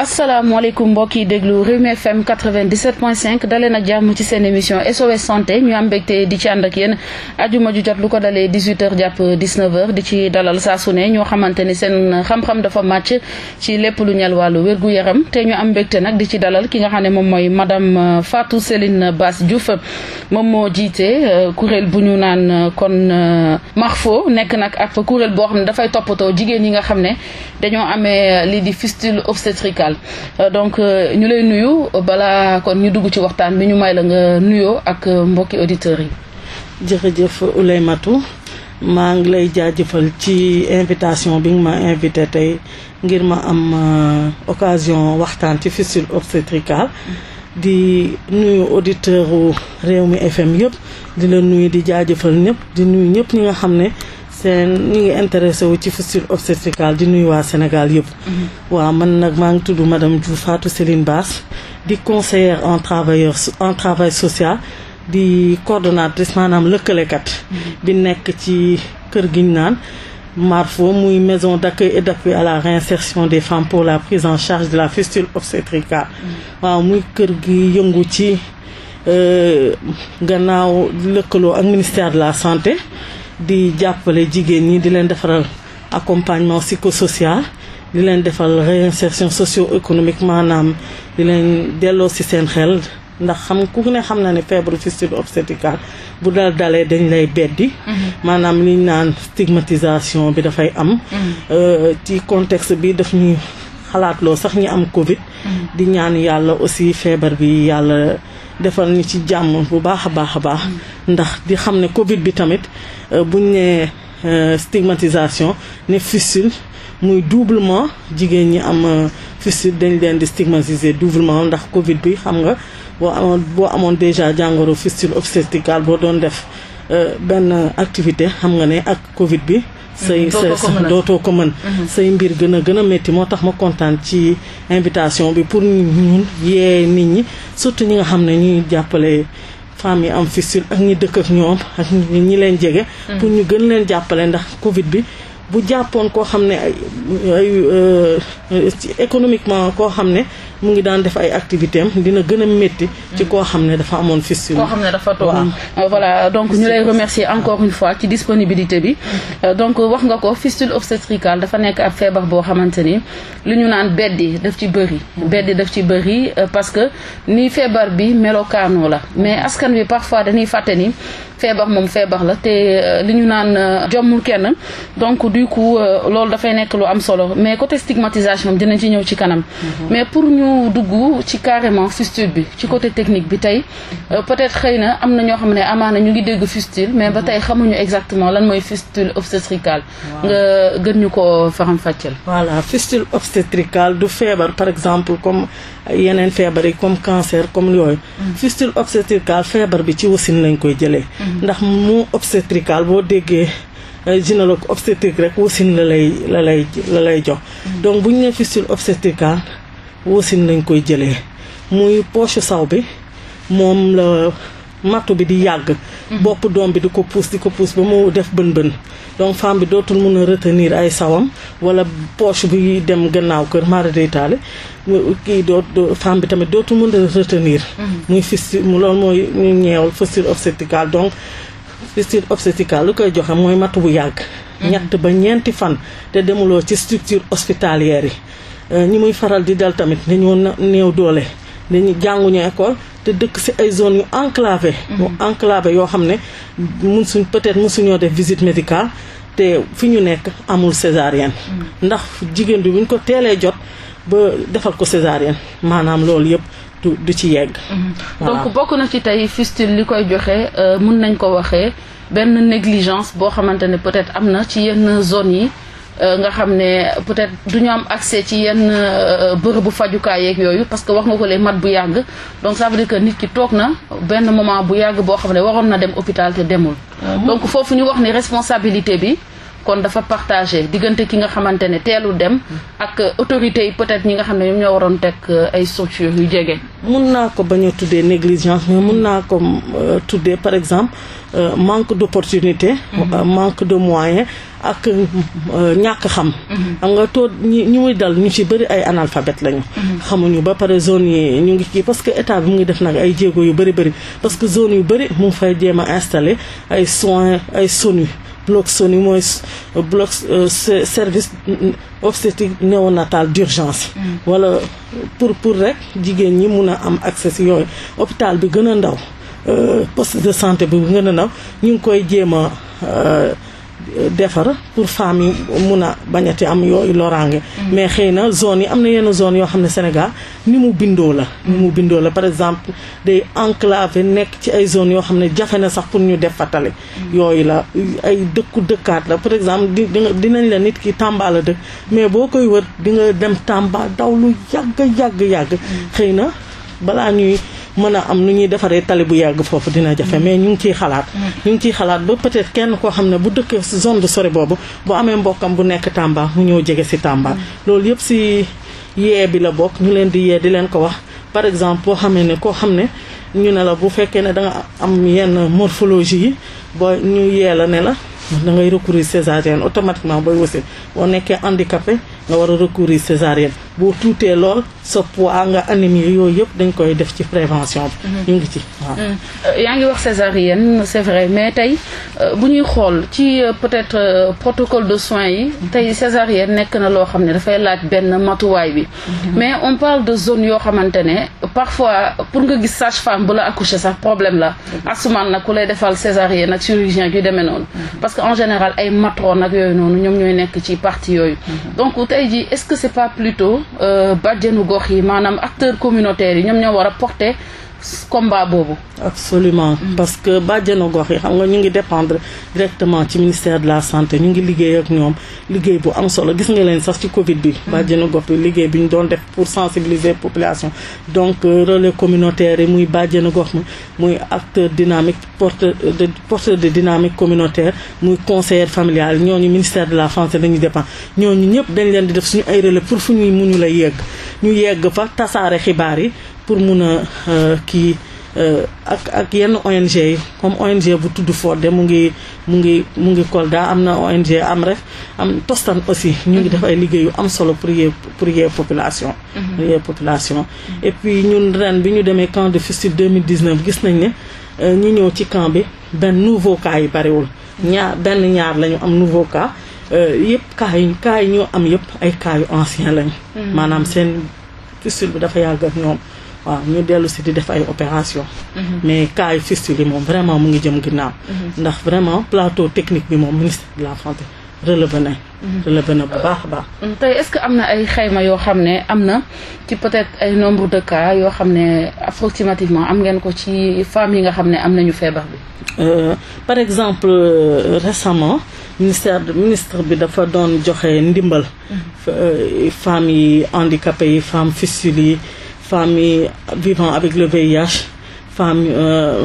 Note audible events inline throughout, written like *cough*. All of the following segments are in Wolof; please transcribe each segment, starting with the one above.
asalaamaaleykum mbokk yi déglu Rewmi FM 97.5 dalee na jàmm ci seen émission SOS santé ñu am mbégte di ci ànd ak yéen ajuma ju jot lu ko dalee 18h jàpp 19h di ci dalal saa su ne ñoo xamante ni seen xam-xam dafa màcc ci lépp lu ñel wàllu wérgu yaram te ñu am mbégte nag di ci dalal ki nga xam ne moom mooy madame euh, Fatou Céline Bass Diouf moom moo jiite euh, kuréel bu ñu naan euh, kon Marfo nekk nag ab kuréel boo xam ne dafay toppatoo jigéen ñi nga xam ne dañoo amee lii di fistule Euh, donc euh, ñu lay nuyu balaa kon ñu dugg ci waxtaan bi ñu may la nga nuyoo ak euh, mbokki auditeurs yi. jërëjëf matu maa ngi lay jaajëfal ci invitation bi nga ma invité tey ngir ma am occasion waxtaan ci fistule obstétricale di nuyu auditeurs réew mi FM yëpp di la nuyu di jaajëfal ñëpp di nuyu ñëpp ñi nga xam ne. seen ñu ngi intéressé wu ci fistule obstétricale di nuyu waa Sénégal yëpp. Mhm. waaw man nag maa ngi tudd madame Diouf Fatou Céline Bass di conseillère en travailleur en travail social di coordonnatrice maanaam lëkkalekat. Mhm. bi nekk ci kër gi ñu naan. MARFO muy maison d'accueil et d'appui à la réinsertion des femmes pour la prise en charge de la fistule obstétricale. Mhm. waaw muy kër gi yëngu ci euh, gannaaw lëkkaloo ak ministère de la santé. di jàppale jigéen ñi di leen defaral accompagnement psychosocial di leen defal réinsertion socio-économique maanaam di leen delloo ci seen xel ndax xam ku ne xam na ne feebaru fistule obstétricale bu dal dalee dañ lay beddi mm-hmm. maanaam liñ naan stigmatisation bi dafay am mm-hmm. euh, ci contexte bi daf ñuy xalaatloo sax ñi am covid mm-hmm. di ñaan yàlla aussi feebar bi yàlla defal ñu ci jàmm bu baax a baax a baax ndax di xam ne Covid bi tamit euh, buñ ne euh, stigmatisation ne fistule muy doublement jigéen ñi am euh, fistule dañ leen di stigmatiser doublement ndax Covid bi xam nga boo amoon boo amoon déjà jàngoro fistule obstétricale boo doon def benn activité xam nga ne ak Covid bi say sa dootoo ko mën mhm. say mbir gën a gën a métti moo tax ma kontaan ci invitation bi pour ñu ñun yee nit ñi surtout ñi nga xam ne ñuy jàppale femmes yi am fistule ak ñi dëkk ak ñoom ak ñi leen jege mhm. pour ñu gën leen jàppale ndax covid bi bu jàppoon koo xam ne ay ay euh, économiquement koo xam ne mu ngi daan def ay activité am dina gën a métti. ci koo xam ne dafa amoon fistule. koo xam ne dafa toog euh, voilà donc ñu lay remercier encore une fois ci disponibilité bi. Euh, donc wax nga ko fistule obstétricale dafa nekk ab feebar boo xamante ni lu ñu naan beddi daf ci bëri. beddi daf ci bëri parce que ni feebar bi melokaanoo la mais askan wi parfois dañuy fàtte ni feebar moom feebar la te li ñu naan jommul kenn du euh, loolu dafay nekk lu am solo mais côté stigmatisation dinañ ci ñëw ci kanam. Mhm. mais pour ñu dugg ci carrément fistule bi ci côté technique bi tey euh, peut-être xëy na am na ñoo xam ne amaana ñu ngi dégg fistil mais ba tey mhm. xamuñu exactement lan mooy fistule obstétricale. nga gën ñu ko faram-fàcceel. voilà fistule obstétricale du feebar par exemple comme yeneen feebar yi comme cancer comme yooyu. Mm. fistule obstétricale feebar bi ci wasin lañ koy jëlee. Mm. ndax mu obstétricale Euh, gynécologue obstétrique rek wasin la lay la lay la lay jox donc bu ñu ne fistule obstétricale ah, wasin lañ koy jëlee muy poche saw bi moom la matu bi di yàgg mhm. bopp doom bi di ko puus di ko puus ba mu def bën bën donc femme bi dootul mun a retenir ay sawam wala poche bi dem gannaaw kër mara day kii doo femme bi tamit dootul mun a retenir mhm. muy fistule mu loolu mooy ñeewal fistule obstétricale donc cystite obstétricale lu koy joxe mooy matt bu yàgg. ñett ba ñeenti fan te demuloo ci structure hospitalière yi. Euh, ñi muy faral di dal tamit dañoo néew doole dañuy jànguñu école te dëkk ci ay zones yu enclavé. mu mm-hmm. enclavé yoo xam ne mun suñ peut-être mun suñoo def visite médicale te fi ñu nekk amul césarienne. Mm-hmm. ndax jigéen bi buñ ko teelee jot ba defal ko césarienne maanaam loolu yëpp. du du ci yegg. Mhm. donc bokk na ci tey fistule li koy joxe euh, mun nañ koo waxee benn négligence boo xamante ne peut-être am na ci yenn zone yi. Euh, nga xam ne peut-être du ñu am accès ci yenn euh, bërëbu fajukaay yeeg yooyu parce que wax nga ko lee mat bu yàgg donc ça veut dire que nit ki toog na benn moment bu yàgg boo xam ne waroon na dem hôpital te demul. Ah donc foofu ñu wax ne responsabilité bi. kon dafa partagé diggante ki nga xamante ne teelu dem ak autorité yi peut-être ñi nga xam ne ñoom ñoo waroon teg euh, ay structures yu jege. mun naa ko bañ a tuddee négligence mais mun naa ko euh, tuddee par exemple euh, manque d'opportunité. Mhm. manque de moyens ak ñàkk xam. Mhm. xam nga taux ñi ñi dal ñu ci bëri ay analphabètes lañu. Mhm. xamuñu ba pare zone yi ñu ngi ci parce que état bi mu ngi def nag ay jéego yu bëri bëri parce que zone yu bëri mu ngi fay jéem a ay soins ay SONU. Bloc-SONU mooy euh, bloc euh, service euh, obstétrique néonatal d'urgence mm. wala pour pour rek jigéen ñi mun a am accès si yooyu hôpital bi gën a ndaw poste de santé bi gën a ndaw ñu ngi koy jéem a defar pour femmes yi mun a bañati am yooyu loraange mais xëy na zone yi am na yenn zone yoo xam ne Sénégal ni mu bindoo la ni mu bindoo la par exemple day enclavé nekk ci ay zone yoo xam ne jafe na sax pour ñu def fa tali yooyu la ay dëkku dëkkaat la par exemple di dinañ la nit ki Tamba la dëkk mais boo koy wër di nga dem Tamba daw lu yàgg yàgg yàgg xëy na balaa ñuy mën a am lu ñuy defaree tali bu yàgg foofu dina jafe mm-hmm. mais ñu ngi ciy xalaat mm-hmm. ñu ngi ciy xalaat ba peut-être kenn koo xam ne bu dëkk zone de sori boobu bu amee mbokkam bu nekk Tamba mu ñëw jege si Tamba mm-hmm. loolu yëpp si yee bi la bokk ñu leen di yee di leen ko wax par exemple boo xamee ne koo xam ne ñu ne la bu fekkee ne da nga am yenn morphologie yi boo ñu yee la ne la da ngay recourir césarienne automatiquement booy wasin boo nekkee handicapé nga war a recourir césarienne bu tuutee lool sa poids nga anémie yooyu yëpp dañ koy def ci prévention bi. Mhm. ñu ngi ci mhm. euh, yaa ngi wax césarienne c'est vrai mais tey euh, bu ñuy xool ci euh, peut-être protocole de soins yi tey césarienne nekk na loo xam ne dafay laaj benn matuwaay bi. Mhm. mais on parle de zone yoo xamante ne parfois pour nga gis sage-femme bu la accoucher sax problème la asumaan nag ku lay defal césarienne ak chirurgien yu demee noonu. parce que en général ay matrone ak yooyu noonu ñoom ñooy nekk ci partie yooyu. Euh, bàjjenu gox yi maanaam acteurs communautaires yi ñoom ñoo war a porter combat boobu. absolument mm. parce que bàjjenu gox yi xam nga ñu ngi dépendre directement ci ministère de la santé ñu ngi liggéey ñoom liggéey bu am solo gis nga leen sax ci Covid bi. Mm. bàjjenu gox liggéey bi ñu doon def pour sensibiliser population. donc euh, relais communautaire yi muy bàjjenu gox mi muy acteur dynamique porteur euh, de porteur de dynamique communautaire muy conseiller familial ñooñu ministère de la santé dañuy dépend ñooñu ñëpp dañ leen di def suñu ay relais pour fu ñuy mënu la yegg ñu yegg fa tasaare xibaar yi. pour mun a euh, kii euh, ak ak yenn ONG yi comme ONG bu tudd Fodé mu ngi mu ngi mu ngi Kolda am na ONG am rek am Tostan aussi ñu ngi def ay liggéey am solo pour yee pour yee population mhm. pour yee population et puis ñu ren bi ñu demee camp de fistule 2019 gis nañ ne euh, ñu ñëw ci camp bi benn nouveau cas yi bariwul ñaar benn ñaar la ñu am nouveau cas yëpp cas yi cas yi ñoo am yëpp ay cas yu ancien lañu mhm. maanaam seen fistule bi dafa yàgg ñoom waaw ñu dellu si di def ay opération mhm. mais cas yu fistule moom vraiment mu ngi jëm ginnaaw mhm. ndax vraiment plateau technique bi moom ministre de la santé relevé na mhm. relevé bu baax baax mm, tey est-ce que am na ay xayma yoo xam ne am na ci peut ay nombre de cas yoo xam ne approximativement am ngeen ko ci femmes yi nga xam ne am nañu feebar bi euh, par exemple euh, récemment ministère ministre bi dafa doon joxe ndimbal euh, femmes yi handicapées yi femmes fistules yi femmes yi vivant avec le VIH femmes euh,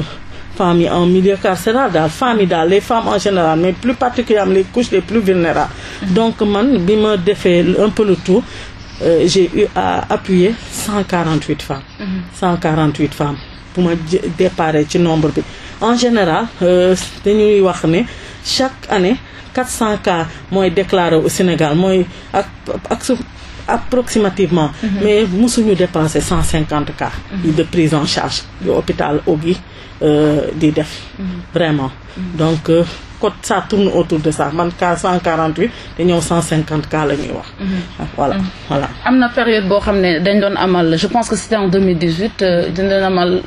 yi en milieu carcéral daal femmes yi les femmes en général mais plus particulièrement les couches les plus vulnérables donc man bi ma defee un peu le tour euh, j'ai eu à appuyer 148 femmes 148 mhm. femmes bu ma déparé ci nombre bi en général euh, dañuy wax ne chaque année 400 cas mooy déclaré au Sénégal mooy ak approximativement. Mhm. mais suñu dépenser cent cinquante cas. Mhm. de prise en charge yu hôpital Ogui euh, di def. Mhm. vraiment donc euh, code ça tourne autour de ça man cas cent quarante huit te ñëw cent cinquante cas la ñuy wax. Ah, voilà voilà. am na période boo xam ne dañ doon amal je pense que c'était en deux mille dix huit euh, dañ doon amal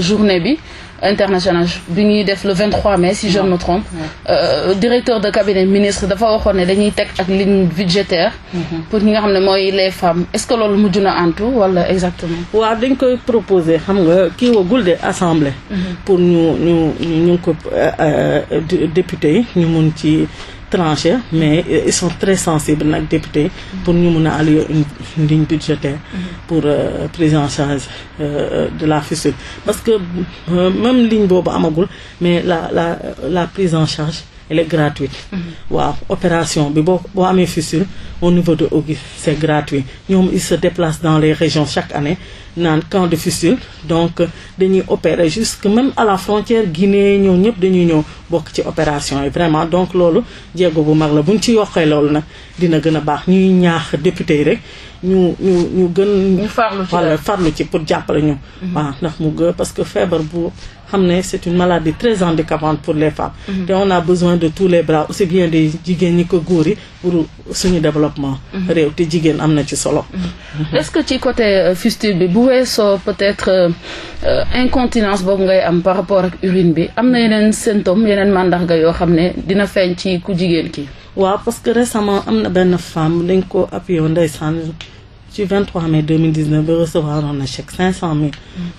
journée bi. internationale bi ñuy def le 23 mai si je ne me trompe euh, directeur de cabinet ministre dafa waxoon ne dañuy teg ak ligne budgétaire mhm. pour ñi nga xam ne mooy les femmes est-ce que loolu mujj na antu wala exactement waaw dañ koy proposer xam nga kii wagul de assemblée mhm. pour ñu ñu ñu ñu ko euh, euh, député yi ñu mun ci tranché mais ils sont très sensibles nag député pour ñu mun a allouer une ligne budgétaire mhm. pour euh, prise en charge euh, de la fistule parce que euh, même ligne boobu amagul mais la la la prise en charge elle est gratuite. Mm-hmm. waaw opération bi boo boo amee fistule au niveau de Auguste c' est gratuit ñoom ils se déplacent dans les régions chaque année naan camp de fistule donc dañuy opérer jusque même à la frontière Guinée ñoom ñëpp dañuy ñëw bokk ci opération yi vraiment donc loolu jéego bu mag la buñ ci yokkee loolu nag dina gën a baax ñuy ñaax député yi rek ñu ñu ñu gën. ñu farlu ci ci pour jàppale ñu. Mm-hmm. waaw ndax mu gën parce que feebar bu. xam ne c'est une maladie très handicapante pour les femmes mhm. te on a besoin de tous les bras aussi bien des jigéen ñi ko góor yi pour suñu développement mhm. réew te jigéen am na ci solo mhm. est-ce que ci côté euh, fistule bi bu soo peut-être euh, incontinence boobu ngay am par rapport ak urine bi am na yeneen symptômes yeneen màndarga yoo xam ne dina feeñ ci ku jigéen ki waaw parce que récemment am na benn femme dañ ko appuyé ndeysaan ci 23 mai 2019 ba recevoir on a chèque 500 000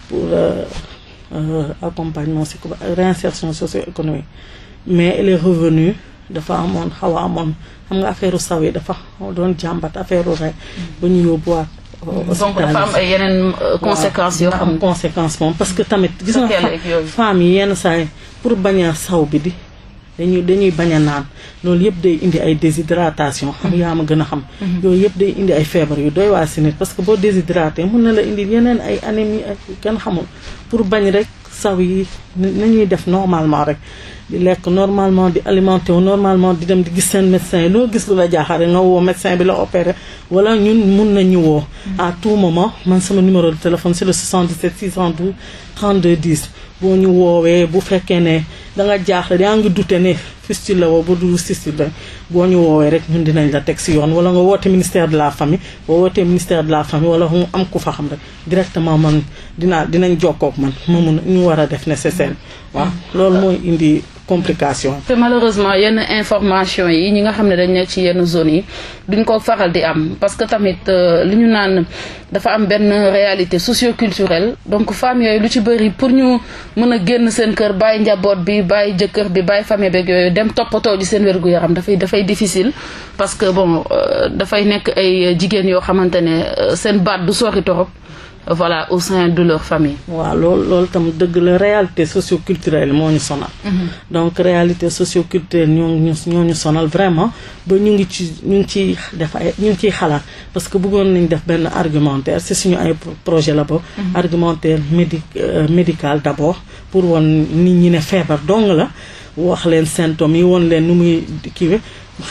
pour euh, Euh, accompagnement psycho réinsertion socio-économique mais elle est revenue dafa amoon xaw a amoon xam nga affaire saw yi dafa doon jàmbat affaire rek ba ñu yóbbuwaat euh, donc am ay yeneen euh, conséquences yoo xam conséquence moom parce que tamit gis nga femmes yi yenn saa yi pour bañ saw bi di dañuy dañuy bañ a naan loolu yëpp day indi ay déshydratation xam yaa ma gën a xam mhm. yooyu yëpp day indi ay feebar yu doy waa si nit parce que boo déshydraté mun na la indi yeneen ay anémie ak kenn xamul pour bañ rek saw yi nañuy def normalement rek di lekk normalement di alimenté normalement di dem di gis seen médecin yi loo gis lu la jaaxare nga woo médecin bi la opéré wala ñun mun nañu woo mhm. à tout moment man sama numéro de téléphone c'est le 77 612 32 10 boo ñu woowee bu fekkee ne danga jaaxle yaa ngi dute ne fistule la woo ba du fistule la boo ñu woowee rek ñun dinañ la teg si yoon wala nga woote ministère de la famille boo wootee ministère de la famille wala mu am ku fa xam rek directement man dinaa dinañ jokkook man ma mun ñu war a def nécessaire waaw loolu mooy indi complication te malheureusement yenn information yi ñi nga xam ne dañ ne ci yenn zone yi duñ ko faral di am parce que tamit euh, li ñu naan dafa am benn réalité socioculturelle donc femmes yooyu lu ci bëri pour ñu mën a génn seen kër bàyyi njaboot bi bàyyi jëkkër bi bàyyi famille beeg yooyu dem toppatoo ji seen wérgu yaram dafay dafay difficile parce que bon euh, dafay nekk ay jigéen yoo xamante ne euh, seen baat du sori torop voilà au sein de leur famille. waaw loolu tam dëgg la réalité socioculturelle moo ñu sonal. Mhm. donc réalité socioculturelle ñoo ñoo ñu sonal vraiment ba ñu ngi ci ñu ngi ciy def ay ñu ngi ciy xalaat parce que bëggoon nañ def benn argumentaire si suñu ay projet la ba. Mhm. argumentaire médi euh, médical d' abord pour woon nit ñi ne feebar dong la wax leen symptômes yi woon leen nu muy kiiwee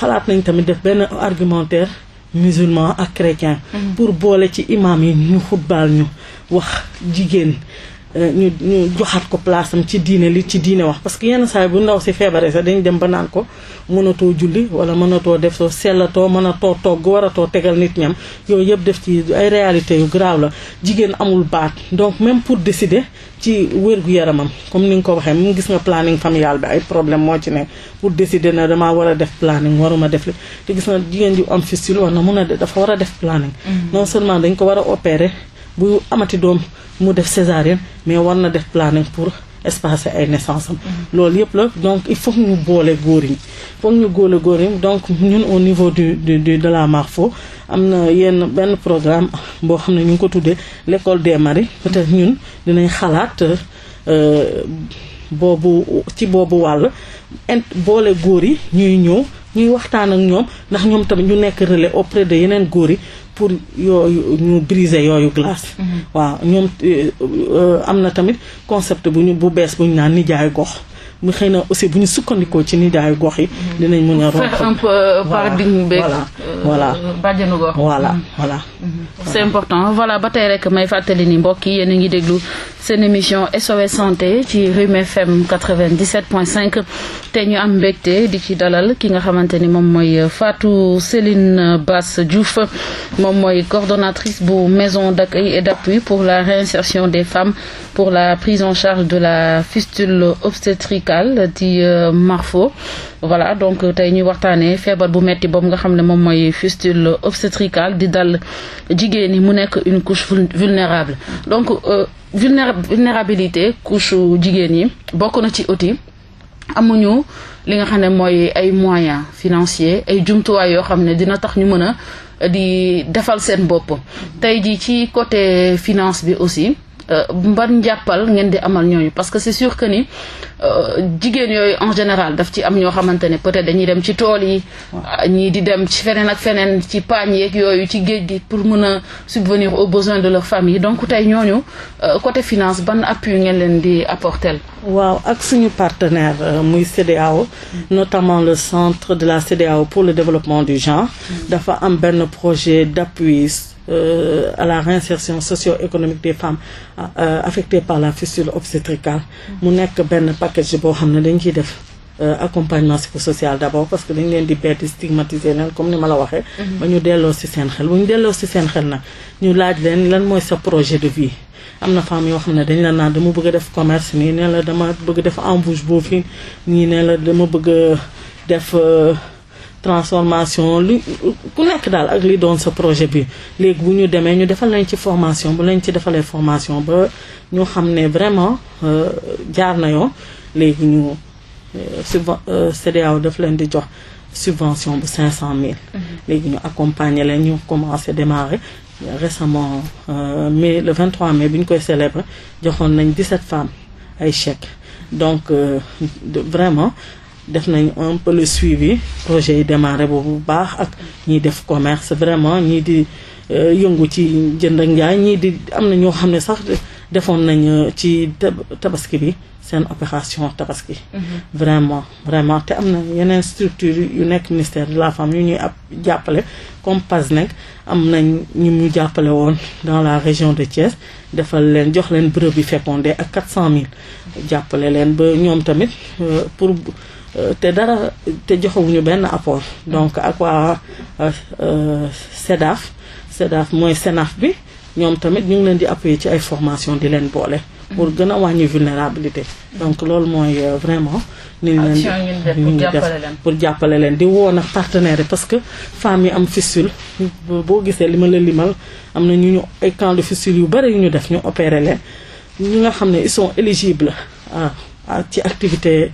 xalaat nañ tamit def benn argumentaire. musulman ak chrétien mhm. pour boole ci imam yi ñu xutbaal ñu wax jigéen euh, ñu ñu joxaat ko place am ci diine li ci diine wax parce que yenn saa yi bu ndaw si feebaree sax dañu dem ba naan ko mënatoo julli wala mënatoo def soo sellatoo mënatoo togg waratoo tegal nit ñam yooyu yëpp def ci ay réalité yu grave la jigéen amul baat donc même pour décider ci wér-gu-yaramam comme ni nga ko waxee mu gis nga planning familial bi ay problème moo ci nekk pour décider na damaa war a def planning waruma def li te gis nga jigéen ji am fistule war na mun a dafa war a def planning mm-hmm. non seulement dañ ko war a opérer bu amati doom mu def césarienne mais war na def planning pour espacé ay naissance am loolu yëpp la donc il faut ñu boole góor yi foog ñu góole góor ñi donc ñun au niveau du du de la am na yenn benn programme boo xam ne ñu ngi ko tuddee l'école des maris peut-être ñun dinañ xalaat euh, boobu ci boobu wàll boole góor yi ñuy ñëw ñuy waxtaan ak ñoom ndax ñoom tamit ñu nekk relais auprès de yeneen góor yi pour yooyu ñu briser yooyu glace. Mm-hmm. waaw ñoom euh, am na tamit concept bu ñu bu bees bu ñu naan nijaay gox. mu xëy na bu ñu sukkandikoo ci nijaayu gox yi. Mm-hmm. dinañ mën a rompre un peu euh, paradigme beeg. voilà euh, bàjjenu mm-hmm. c'est important voilà ba tey rek may fàttali ni mbokk yi a ngi déglu. seen émission SOS santé ci Rewmi FM 97.5 te ñu am mbégte di ci dalal ki nga xamante ni moom mooy euh, Fatou Céline euh, Bass Diouf moom mooy coordonnatrice bu maison d'accueil et d'appui pour la réinsertion des femmes pour la prise en charge de la fistule obstétricale di euh, Marfo voilà donc tey ñuy waxtaanee feebar bu metti boobu nga xam ne moom mooy fistule obstétricale di dal jigéen ñi mu nekk une couche vulnérable donc. vulnérabilité couche jigéen yi bokk na ci outil amuñu li nga xam ne mooy ay moyens financier ay jumtuwaay yoo xam ne dina tax ñu mën a di defal seen bopp tey ji ci côté finance bi aussi mban euh, jàppal ngeen di amal ñooñu parce que c'est sur que ni euh, jigéen yooyu en général daf ci am ñoo xamante ne peut-être dañuy dem ci tool yi ñii di dem ci feneen ak feneen ci paañ yeeg yooyu ci géej gi pour mën a subvenir aux besoins de leur famille donc tey ñooñu euh, côté finance ban yu ngeen leen di apporter waaw ak suñu partenaire muy CEDEAO mm. notamment le centre de la CEDEAO pour le développement du genre mm. dafa am benn projet d'appui euh, à la réinsertion socio-économique des femmes euh, euh par la fistule obstétricale mu nekk benn package boo xam ne dañ ciy def euh, accompagnement psychosocial d'abord parce que dañ leen di bett stigmatiser leen comme ni ma la waxee mhm. ba ñu delloo ci seen xel bu ñu delloo si seen xel na ñu laaj leen lan mooy sa projet de vie am na femme yoo xam ne dañ la naan dama bëgg def commerce nii ne la dama bëgg def embouche boo fi nii ne la dama bëgg a def transformation lu ku nekk daal ak li doon sa projet bi léegi bu ñu demee ñu defal lañ ci formation bu lañ ci defalee formation ba ñu xam ne vraiment euh, jaar na yoon léegi ñu euh, subven euh, CEDEAO daf leen di jox subvention bu 500000. Mhm. léegi ñu accompagner leen ñu commencé démarrer récemment mais le 23 mais bi ñu koy célébrer joxoon nañ 17 femmes ay chèques donc vraiment. def nañ un peu le suivi projet yi démarré boobu bu baax ak ñiy def commerce vraiment ñii di euh, yëngu ci jënd ak njaay ñii di am na ñoo xam ne sax defoon nañ euh, ci tabaski bi seen opération tabaski mm-hmm. vraiment vraiment te am na yeneen structure yu nekk ministère de la femme yu ñuy ab jàppale comme PASNEC am nañ ñu ñu jàppale woon dans la région de Thiès defal leen jox leen brebis fécondées ak quatre cent mille jàppale leen ba ñoom tamit euh, pour Euh, te dara te joxewuñu benn apport donc ak waa euh, euh, SEDAF SEDAF mooy SENAF bi ñoom tamit ñu ngi leen di appuyer ci ay formation di leen boole pour gën a wàññi vulnérabilité donc loolu mooy vraiment ni ñu leen di def pour jàppale leen di woo nag partenaire yi parce que femmes yi am fistule boo gisee li ma la limal am na ñu ñu ay camp de fistule yu bari yu ñu def ñu opéré leen ñi nga xam ne ils sont éligibles ah ci activité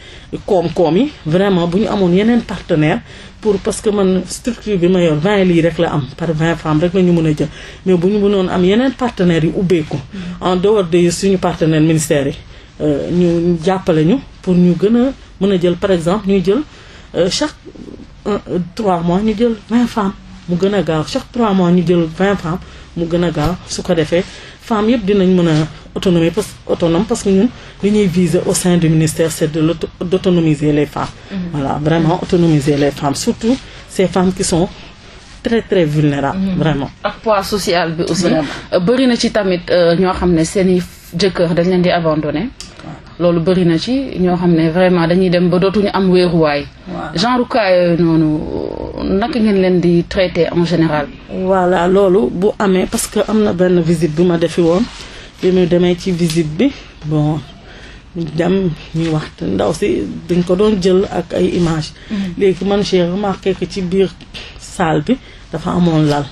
koom-koom yi vraiment bu ñu amoon yeneen partenaire pour parce que man structure bi mayor yor vingt lii rek la am par vingt femmes rek la ñu mën a jël mais bu ñu mënoon am yeneen partenaires yu ubbeeku mm-hmm. en dehors de suñu partenaire ministère yi euh, ñu jàppale ñu pour ñu gën a mën a jël par exemple ñuy jël euh, chaque euh, trois mois ñu jël vingt femmes mu gën a gaaw chaque trois mois ñu jël vingt femmes mu gën a gaaw su ko defee femmes yëpp dinañ mën a autonomie autonome parce que ñun li ñuy viser au sein du ministère c'est de l'auto d'autonomiser les femmes mhm. voilà vraiment autonomiser les femmes surtout ces femmes qui sont très très vulnérable mmh. vraiment. ak poids social bi aussi. Euh, bëri na ci tamit euh, ñoo xam ne seeni jëkkër dañ leen di abandonné. loolu bëri na ci ñoo xam ne vraiment dañuy dem ba dootuñu am wéeruwaay. genre cas yooyu noonu naka ngeen leen di traité en général. voilà loolu bu amee parce que am na benn visite bu ma defi woon. bi ñu demee ci visite bi bon ñu dem ñuy waxte ndaw si dañ ko doon jël ak ay image mm-hmm. léegi man j'ai remarqué que ci biir salle bi dafa amoon lal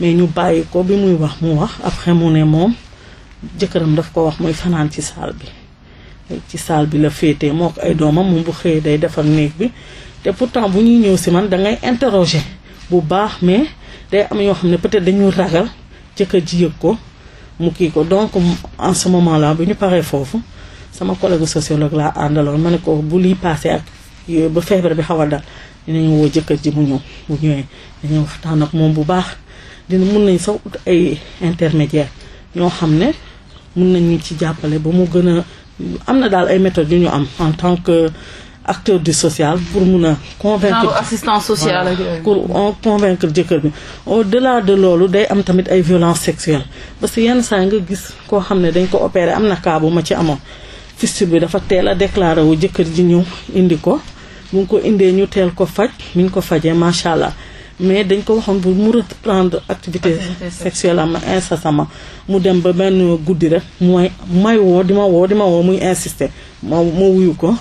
mais ñu bàyyi ko bi muy wax mu wax après mu ne moom jëkkëram daf ko wax muy fanaan ci salle bi ci salle bi la féetee moo ko ay doomam moom bu xëyee day defar néeg bi te pourtant bu ñuy ñëw si man da ngay interroger bu baax mais day am yoo xam ne peut-être dañuy ragal jëkkër ji yëg ko mu kii ko donc en ce moment là bi ñu paree foofu sama collègue sociologue laa àndaloon ma ne ko bu lii passé ak ba feebare bi xaw a dal dinañu woo jëkkër ji mu ñëw bu ñëwee dañuy waxtaan ak moom bu baax dina mun nañ sax ut ay intermédiaire ñoo xam ne mun nañ ñu ci jàppale ba mu gën a am na daal ay méthodes yu ñu am en tant que acteur du social pour mun a convaincre assistant social pour convaincre jëkkër bi au delà de loolu day am tamit ay violence sexuelle parce que yenn saa nga gis koo xam ne dañ ko opéré am na cas bu ma ci amoon fistule bi dafa teel a déclaré wu jëkkër ji ñëw indi ko mu ngi ko indee ñu teel ko faj mi ngi ko fajee macha allah mais dañ ko waxoon bu mu reprendre activité sexuelle am sama mu dem ba benn guddi rek mooy may woo di ma woo di ma woo muy insister ma ma wuyu ko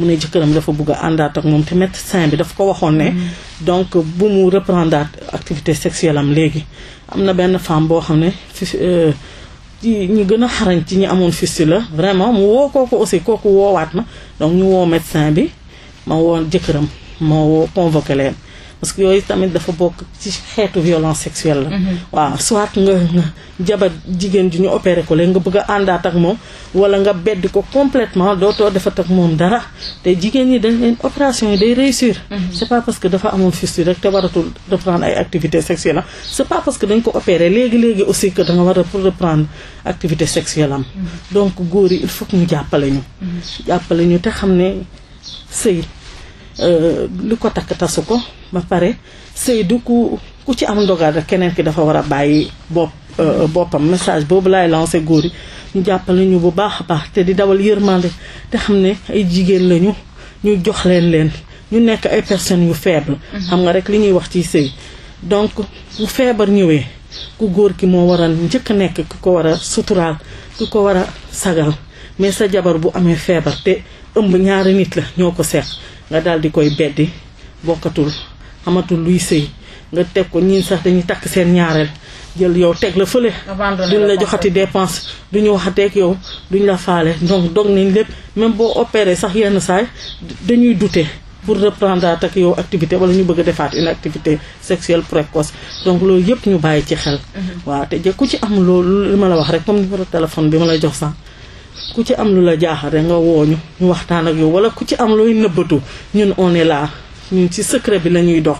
mu ne jëkkëram dafa bugg a àndaat ak moom te médecin bi daf ko waxoon ne. Mm. donc bu mu reprendre activité sexuelle am léegi. am na benn femme boo xam ne euh, ci ñu gën a xarañ ci ñi amoon fistule la vraiment mu woo kooku aussi kooku woowaat na donc ñu woo médecin bi ma woo jëkkëram ma woo convoqué leen. parce que yooyu tamit dafa bokk ci xeetu violence sexuelle la. Mhm. waaw soit nga nga jabar jigéen ju ñu opéré ko léegi nga bëgg a àndaat ak moom wala nga bedd ko complètement dootoo defat ak moom dara te jigéen ñi dañ leen opération yi day réussir. Mhm. c' pas parce que dafa amoon fistule rek te waratul reprendre ay activités sexuelles am c' pas parce que dañ ko opéré léegi léegi aussi que da nga a pour reprendre activité sexuelle am. Mhm. donc góor yi il faut ñu jàppale ñu. jàppale ñu te xam ne Euh, lu ko takk tasu ko ba pare sëy du ku ku ci am ndogal rek keneen ki dafa war a bàyyi bopp euh, boppam message boobu laay lancé góor yi ñu jàppale ñu bu baax a baax te di dawal yërmande te xam ne ay jigéen lañu ñu jox leen leen ñu nekk ay personnes yu faible mhm. xam nga rek li ñuy wax ci sëy donc bu feebar ñëwee ku góor ki moo waral njëkk a nekk ku ko war a suturaal ku ko war a sagal mais sa jabar bu amee feebar te ëmb ñaari nit la ñoo ko seeq nga daal di koy beddi bokkatul amatul luy sëy nga teg ko ñii sax dañuy takk seen ñaareel jël yow teg la fële duñ la joxati dépense duñu waxateeg yow duñ la faale donc dog nañ lépp même boo opéré sax yenn saay dañuy douter pour reprendre ak yow activité wala ñu bëgg a defaat une activité sexuelle précoce donc loolu yëpp ñu bàyyi ci xel mhm. waaw te ku ci am loolu li ma la wax rek comme numéro téléphone bi ma la jox sax ku ci am lu la jaaxal nga wooñu ñu waxtaan ak yow wala ku ci am looy nëbbatu ñun on laa là ñun ci secret bi la ñuy dox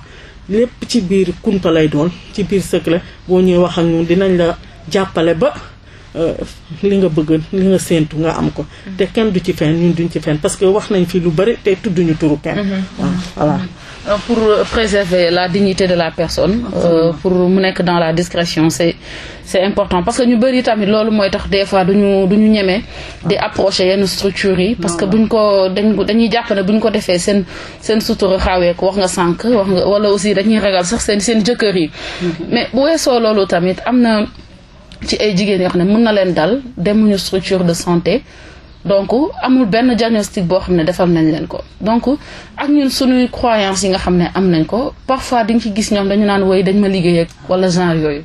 lépp ci biir kunta lay doon ci biir secret boo ñuy wax ak ñun dinañ la jàppale ba euh, li nga bëgg li nga séentu nga am ko mm-hmm. te kenn du ci fen ñun duñ ci fen parce que wax nañ fii lu bëri te tudduñu turu kenn mm-hmm. waaw voilà Euh, pour euh, préserver la dignité de la personne. Euh, pour mu nekk dans la discrétion c' est c' important parce que ñu bëri tamit loolu mooy tax des fois duñu duñu ñeme. di approcher yenn structures yi. parce que buñ ko dañ dañuy jàpp bu ñu ko defee seen seen sutura xawee ko wax nga sànq wax nga wala aussi dañuy ragal sax seen seen jëkkër yi. Mhm. mais bu weesoo loolu tamit am na ci ay jigéen yoo xam ne mën na leen dal demuñu structure de santé. donc amul benn diagnostic boo xam ne defal nañ leen ko donc ak ñu suñuy croyance yi nga xam ne am nañ ko parfois di nga ci gis ñoom dañu naan woy dañ ma liggéey ak wala genre yooyu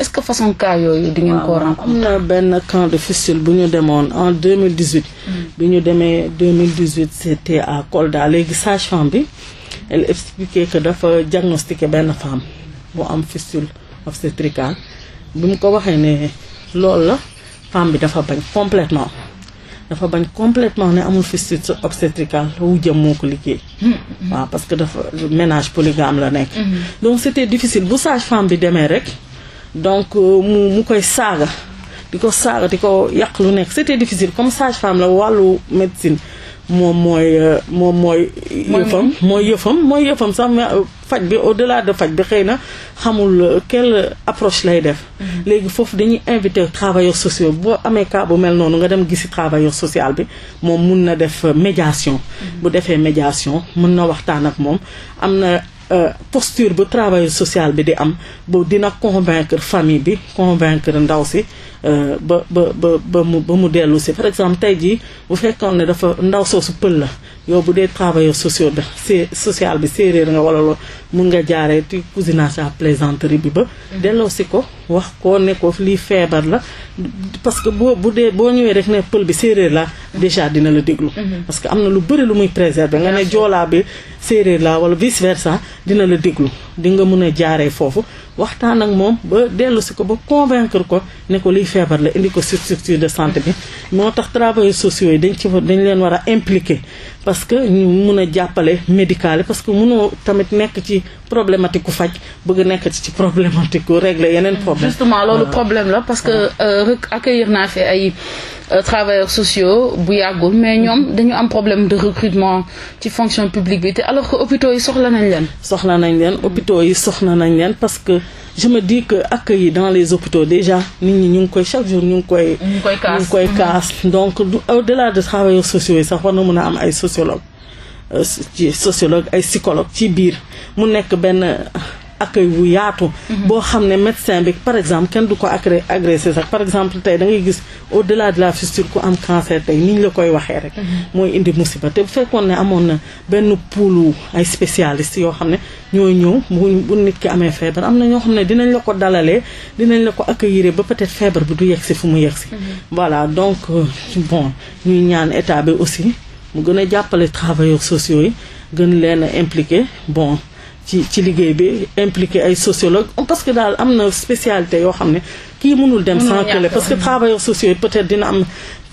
est-ce que façon cas yooyu di ngeen ko am benn camp de fistule bu ñu demoon en 2018 mm. bi ñu demee 2018 c'était à Kolda léegi sage-femme bi elle expliquait que dafa diagnostiqué benn femme bu am fistule obstétricale bu ñu ko waxee ne loolu la femme bi dafa bañ complètement dafa bañ complètement ne amul fistule obstétricale wujjam moo ko liggéey. Hmm. waaw parce que dafa ménage polygame la nekk. Hmm. donc c'était difficile bu sage bi demee rek donc euh, mu mu koy saaga di ko saaga di ko yàq lu nekk c'était difficile comme sage la wàllu médecine. moom mooy euh, moom mooy yëfam mooy yëfam mooy yëfam sax euh, faj bi au delà de faj bi xëy na xamul euh, quelle approche lay def mhm. léegi foofu dañuy invité travailleurs sociaux boo amee cas bu mel noonu nga dem gisi travailleur social bi moom mun na def médiation mhm. bu defee médiation mun na waxtaan ak moom am na posture bu travailleur social bi di am bu dina convaincre famille bi convaincre ndaw si Euh, ba ba ba ba mu ba mu dellu si par exemple tey jii bu fekkoon ne dafa ndaw soosu pël la yow bu dee travailleur sociaux da sé social bi séeréer nga wala lool mun nga jaaree ci cousinage à plaisanterie bi ba mm-hmm. delloo si ko wax ko ne ko lii feebar la parce que boo bu dee boo ñëwee rek ne pël bi séeréer la mm-hmm. déjà dina la déglu mm-hmm. parce que am na lu bëri lu muy préserver nga ne joolaa bi séeréer laa wala vice versa dina la déglu di nga mun a jaaree foofu waxtaan ak moom ba dellu si ko ba convaincre ko ne ko liy feebar la indi ko structure de santé bi moo tax travailleurs sociaux yi dañ ci dañ leen war a impliqué parce que ñu mun a jàppale médical parce que munoo tamit nekk ci problématique ku faj bëgg nekk ci problématique ku régler yeneen problème justement loolu problème la parce que euh, rek accueillir naa fi ay euh, travailleurs sociaux bu yàggul mais ñoom dañu am problème de recrutement ci fonction publique bi te alors que hôpitaux yi soxla nañ leen soxla nañ leen hôpitaux yi soxla nañ leen parce que je me dis que accueil yi dans les hôpitaux déjà nit ñi ñu ngi koy chaque jour ñu ngi koy. ñu ngi koy kaas ñu ngi koy kaas donc au delà de travailleurs sociaux yi sax war na mën a am ay sociologue euh, ci sociologue ay psychologue ci biir mu nekk benn. accueil bu yaatu mhm. boo xam ne médecin bi par exemple kenn du ko agressé sax par exemple tey da ngay gis au delà de la fistule am cancer tey ni ñu la koy waxee rek mhm. mooy indi musiba te bu fekkoon ne amoon na benn poolu ay spécialiste yoo xam ne ñooy ñëw bu nit ki amee feebar am na ñoo xam ne dinañ la ko dalalee dinañ la ko accueillir ba peut-être feebar bi du yegg si fu mu yegg si mhm. voilà donc euh, bon ñuy ñaan état bi aussi mu gën a jàppale travailleurs sociaux yi gën leen a impliqué bon ci ci liggéey bi impliqué ay sociologue parce que daal am na spécialité yoo xam ne kii mënul dem sans que parce que travailleurs sociaux yi peut-être dina am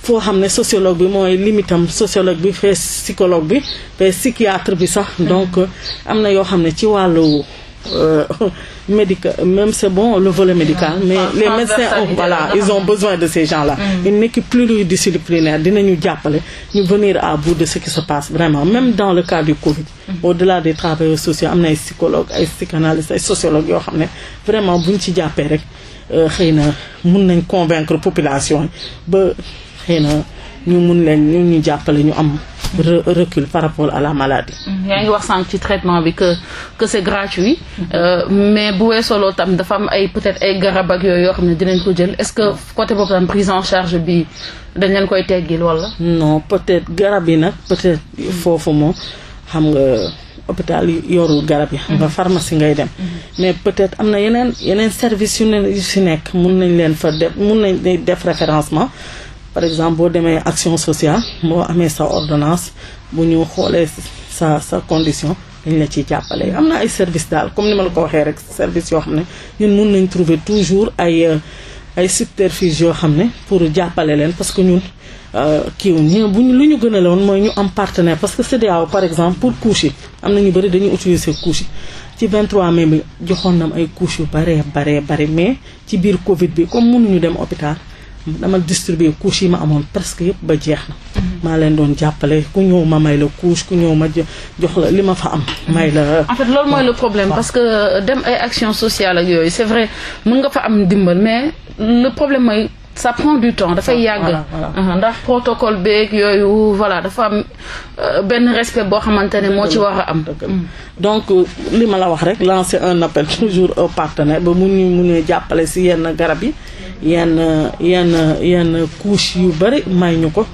foo xam ne sociologue bi mooy limitam sociologue bi fee psychologue bi fee psychiatre bi sax hmm. donc am na yoo xam ne ci wàllu euh, *laughs* médical, même c'est bon le volet médical, mm-hmm. mais ah, les médecins, ont, voilà, euh, ils ont besoin de ces gens-là. Mm. Mm-hmm. Une équipe pluridisciplinaire, nous diapole, nous venir à bout de ce qui se passe vraiment, même dans le cas du Covid. Mm. Au-delà des travailleurs sociaux, il y a des psychologues, des psychanalystes, xam ne vraiment, bu ñu ci jàppee rek euh, xëy na mun nañ convaincre population ba xëy na ñu mun leen ñu ñu jàppale ñu am recul par rapport à la maladie. yaa ngi wax sànq ci traitement bi que se c'est gratuit. Euh, mais bu weesoo loolu tam dafa am ay peut-être ay garab ak yooyu yoo xam ne dinañ ko jël est-ce que côté boobu tam prise en charge bi dañ leen koy teggil walla. non peut-être garab yi nag peut-être foofu moom xam nga. hôpital yorul garab yi xam nga mhm. pharmacie ngay dem mhm. mais peut-être am na yeneen yeneen service yu ne yu si nekk mun nañ leen fa def mun nañ def référencement par exemple boo demee action sociale boo amee sa ordonnance bu ñu xoolee sa sa condition dañ la ciy jàppale am na ay service daal comme ni ma la ko waxee rek service yoo xam ne ñun mun nañ trouver toujours ay ay subterfuge yoo xam ne pour jàppale leen parce que ñun euh, kiiw ñu lu ñu gën a mooy ñu am partenaire parce que CEDEAO par exemple pour couche am na ñu bëri dañu utiliser couche yi ci 23 mai bi joxoon nam ay couche yu baree baree bare mais ci biir Covid bi comme mënuñu dem hôpital dama distribuer couche yi ma amoon presque yëpp ba jeex na maa leen doon jàppale ku ñëw ma may la couche ku ñëw ma jox la li ma fa am may la en fait loolu mooy le problème parce que dem ay action sociale yooyu c'est vrai mën nga fa am dimbal mais le problème mooy ça prend du temps dafay yàgg ndax protocole beeg yooyu voilà dafa am euh, benn respect boo xamante ne moo ci wax a am mm. donc euh, li ma la wax rek lancer un appel *laughs* toujours au partenaire ba mu ñu mu ñu jàppale si yenn garab yi yenn yenn yenn couche yu bëri may ñu ko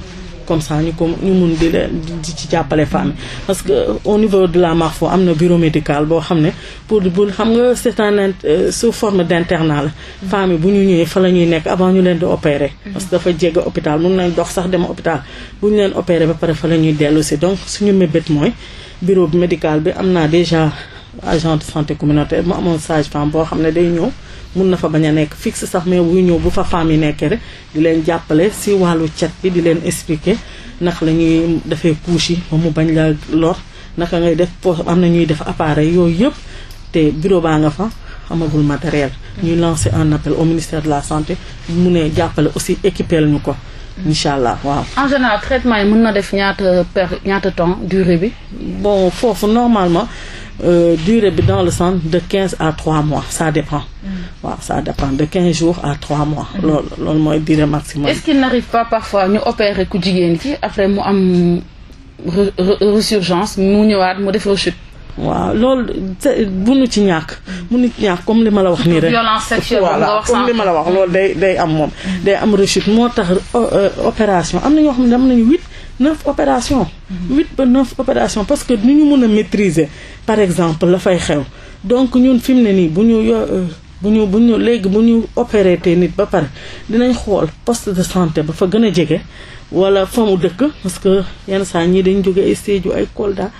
comme ça ñu ko ñu mun di la di ci jàppale femmes parce que euh, au niveau de la Marfo am na bureau médical boo xam ne pour bu xam nga c'est un euh, sous forme d'internat la femmes yi bu ñu ñëwee fa la ñuy nekk avant ñu leen di opérer mhm. parce que dafa jege hôpital mun nañ dox sax dem hôpital bu ñu leen opérer ba pare fa la ñuy dellu donc suñu mébét mooy bureau médical bi am naa déjà agent de santé communautaire mu amoon sage-femme boo xam ne day ñëw mun na fa bañ a nekk fixe sax mais buy ñëw bu fa femmes yi nekkee rek di leen jàppale si wàllu cet bi di leen expliquer ndax la ñuy defee couche yi moom mu bañ la lor naka ngay def po am na ñuy def appareil yooyu yëpp te bureau baa nga fa amagul matériel ñuy lancer un appel au ministère de la santé mu ne jàppale aussi équipeel ñu ko incha allah waaw. en général traitement yi mën na def ñaata per ñaata temps durée bi. bon foofu normalement. Euh, durée bi dans le centre de quinze à trois mois ça dépend. Mm. waaw ça dépend de jours à trois mois. Mm. loolu loolu mooy durée maximum. est-ce qu'il n'arrive pas parfois ñu opérer ku jigéen ki après mu am resurgence mu ñëwaat mu def rechute. waaw loolu bunu ci ñàkk mm. munu ci ñàkk comme li ma la wax nii rek violence comme li ma la wax loolu day day am moom day am rechute moo tax euh, opération am na ñoo xam ne am nañu huit neuf opérations. huit ba neuf opérations parce que ni ñu mën a maîtriser par exemple la fay xew donc ñun fi mu ne nii bu ñu yo euh, bu ñu bu ñu léegi bu ñu opéré te nit ba pare dinañ xool poste de santé ba fa gën a jege wala fa dëkk parce que yenn saa ñii dañ jóge ay Sédhiou ay Kolda.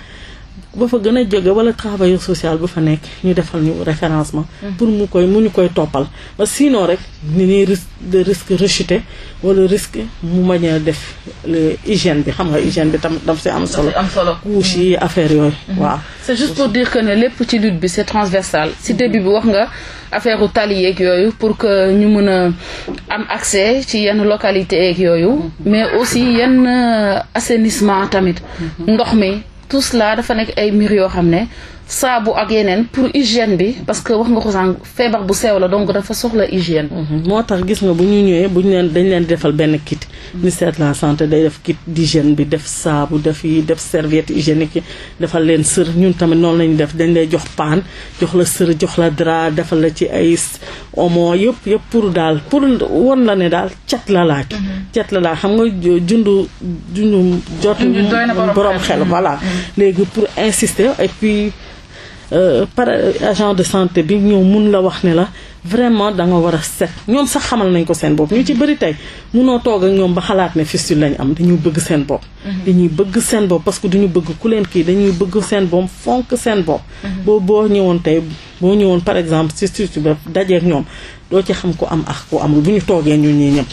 ba fa gën a jóge wala travailleur sociale bu fa nekk ñu defal ñu référencement mm. pour mu koy mu ñu koy toppal parce que sinon rek ni risque de risque rechuté wala risque mu mañ a def hygiène bi xam nga hygiène bi tam daf si am solo couche yi mm. affaire yooyu mm-hmm. waaw c'est juste pour dire que ne lépp ci lutte bi c'est transversal si mm-hmm. début bi wax nga affaire u tali yeeg yooyu pour que ñu mën a am accès ci yenn localité yeeg yooyu mm-hmm. mais aussi yenn euh, assainissement tamit ndox mi tout cela dafa nekk ay mbir yoo xam ne saabu ak yeneen pour hygiène bi parce que wax nga ko sànq feebar bu sew la donc dafa soxla hygiène. Mhm. moo tax gis nga bu ñu ñëwee bu ñu leen dañ leen defal benn kit. Mhm. ministère de la santé day def kit d'hygiène bi def saabu def yi def serviette hygiénique yi defal leen sër ñun tamit noonu lañu def dañ lay jox paan jox la sër jox la drap defal la ci ay omo yëpp yëpp pour daal pour won la ne daal cet la laaj. Mhm. cet la laaj xam nga jundu jundu jotu borom xel voilà léegi pour insister et Euh, par agent de santé bi ñëw mun la wax ne la vraiment da nga war a set ñoom sax xamal nañ ko seen bopp ñu ci bëri tey munoo toog ak ñoom ba xalaat ne fistule lañ am dañuy bëgg seen bopp. Mhm. dañuy bëgg seen bopp parce que duñu bëgg ku leen kii dañuy bëgg seen bopp fonk seen bopp. Mhm. boo boo ñëwoon tey boo ñëwoon par exemple si structure ba dajeek ñoom doo ci xam ku am ak ku amul bu ñu toogee ñu ñii ñëpp.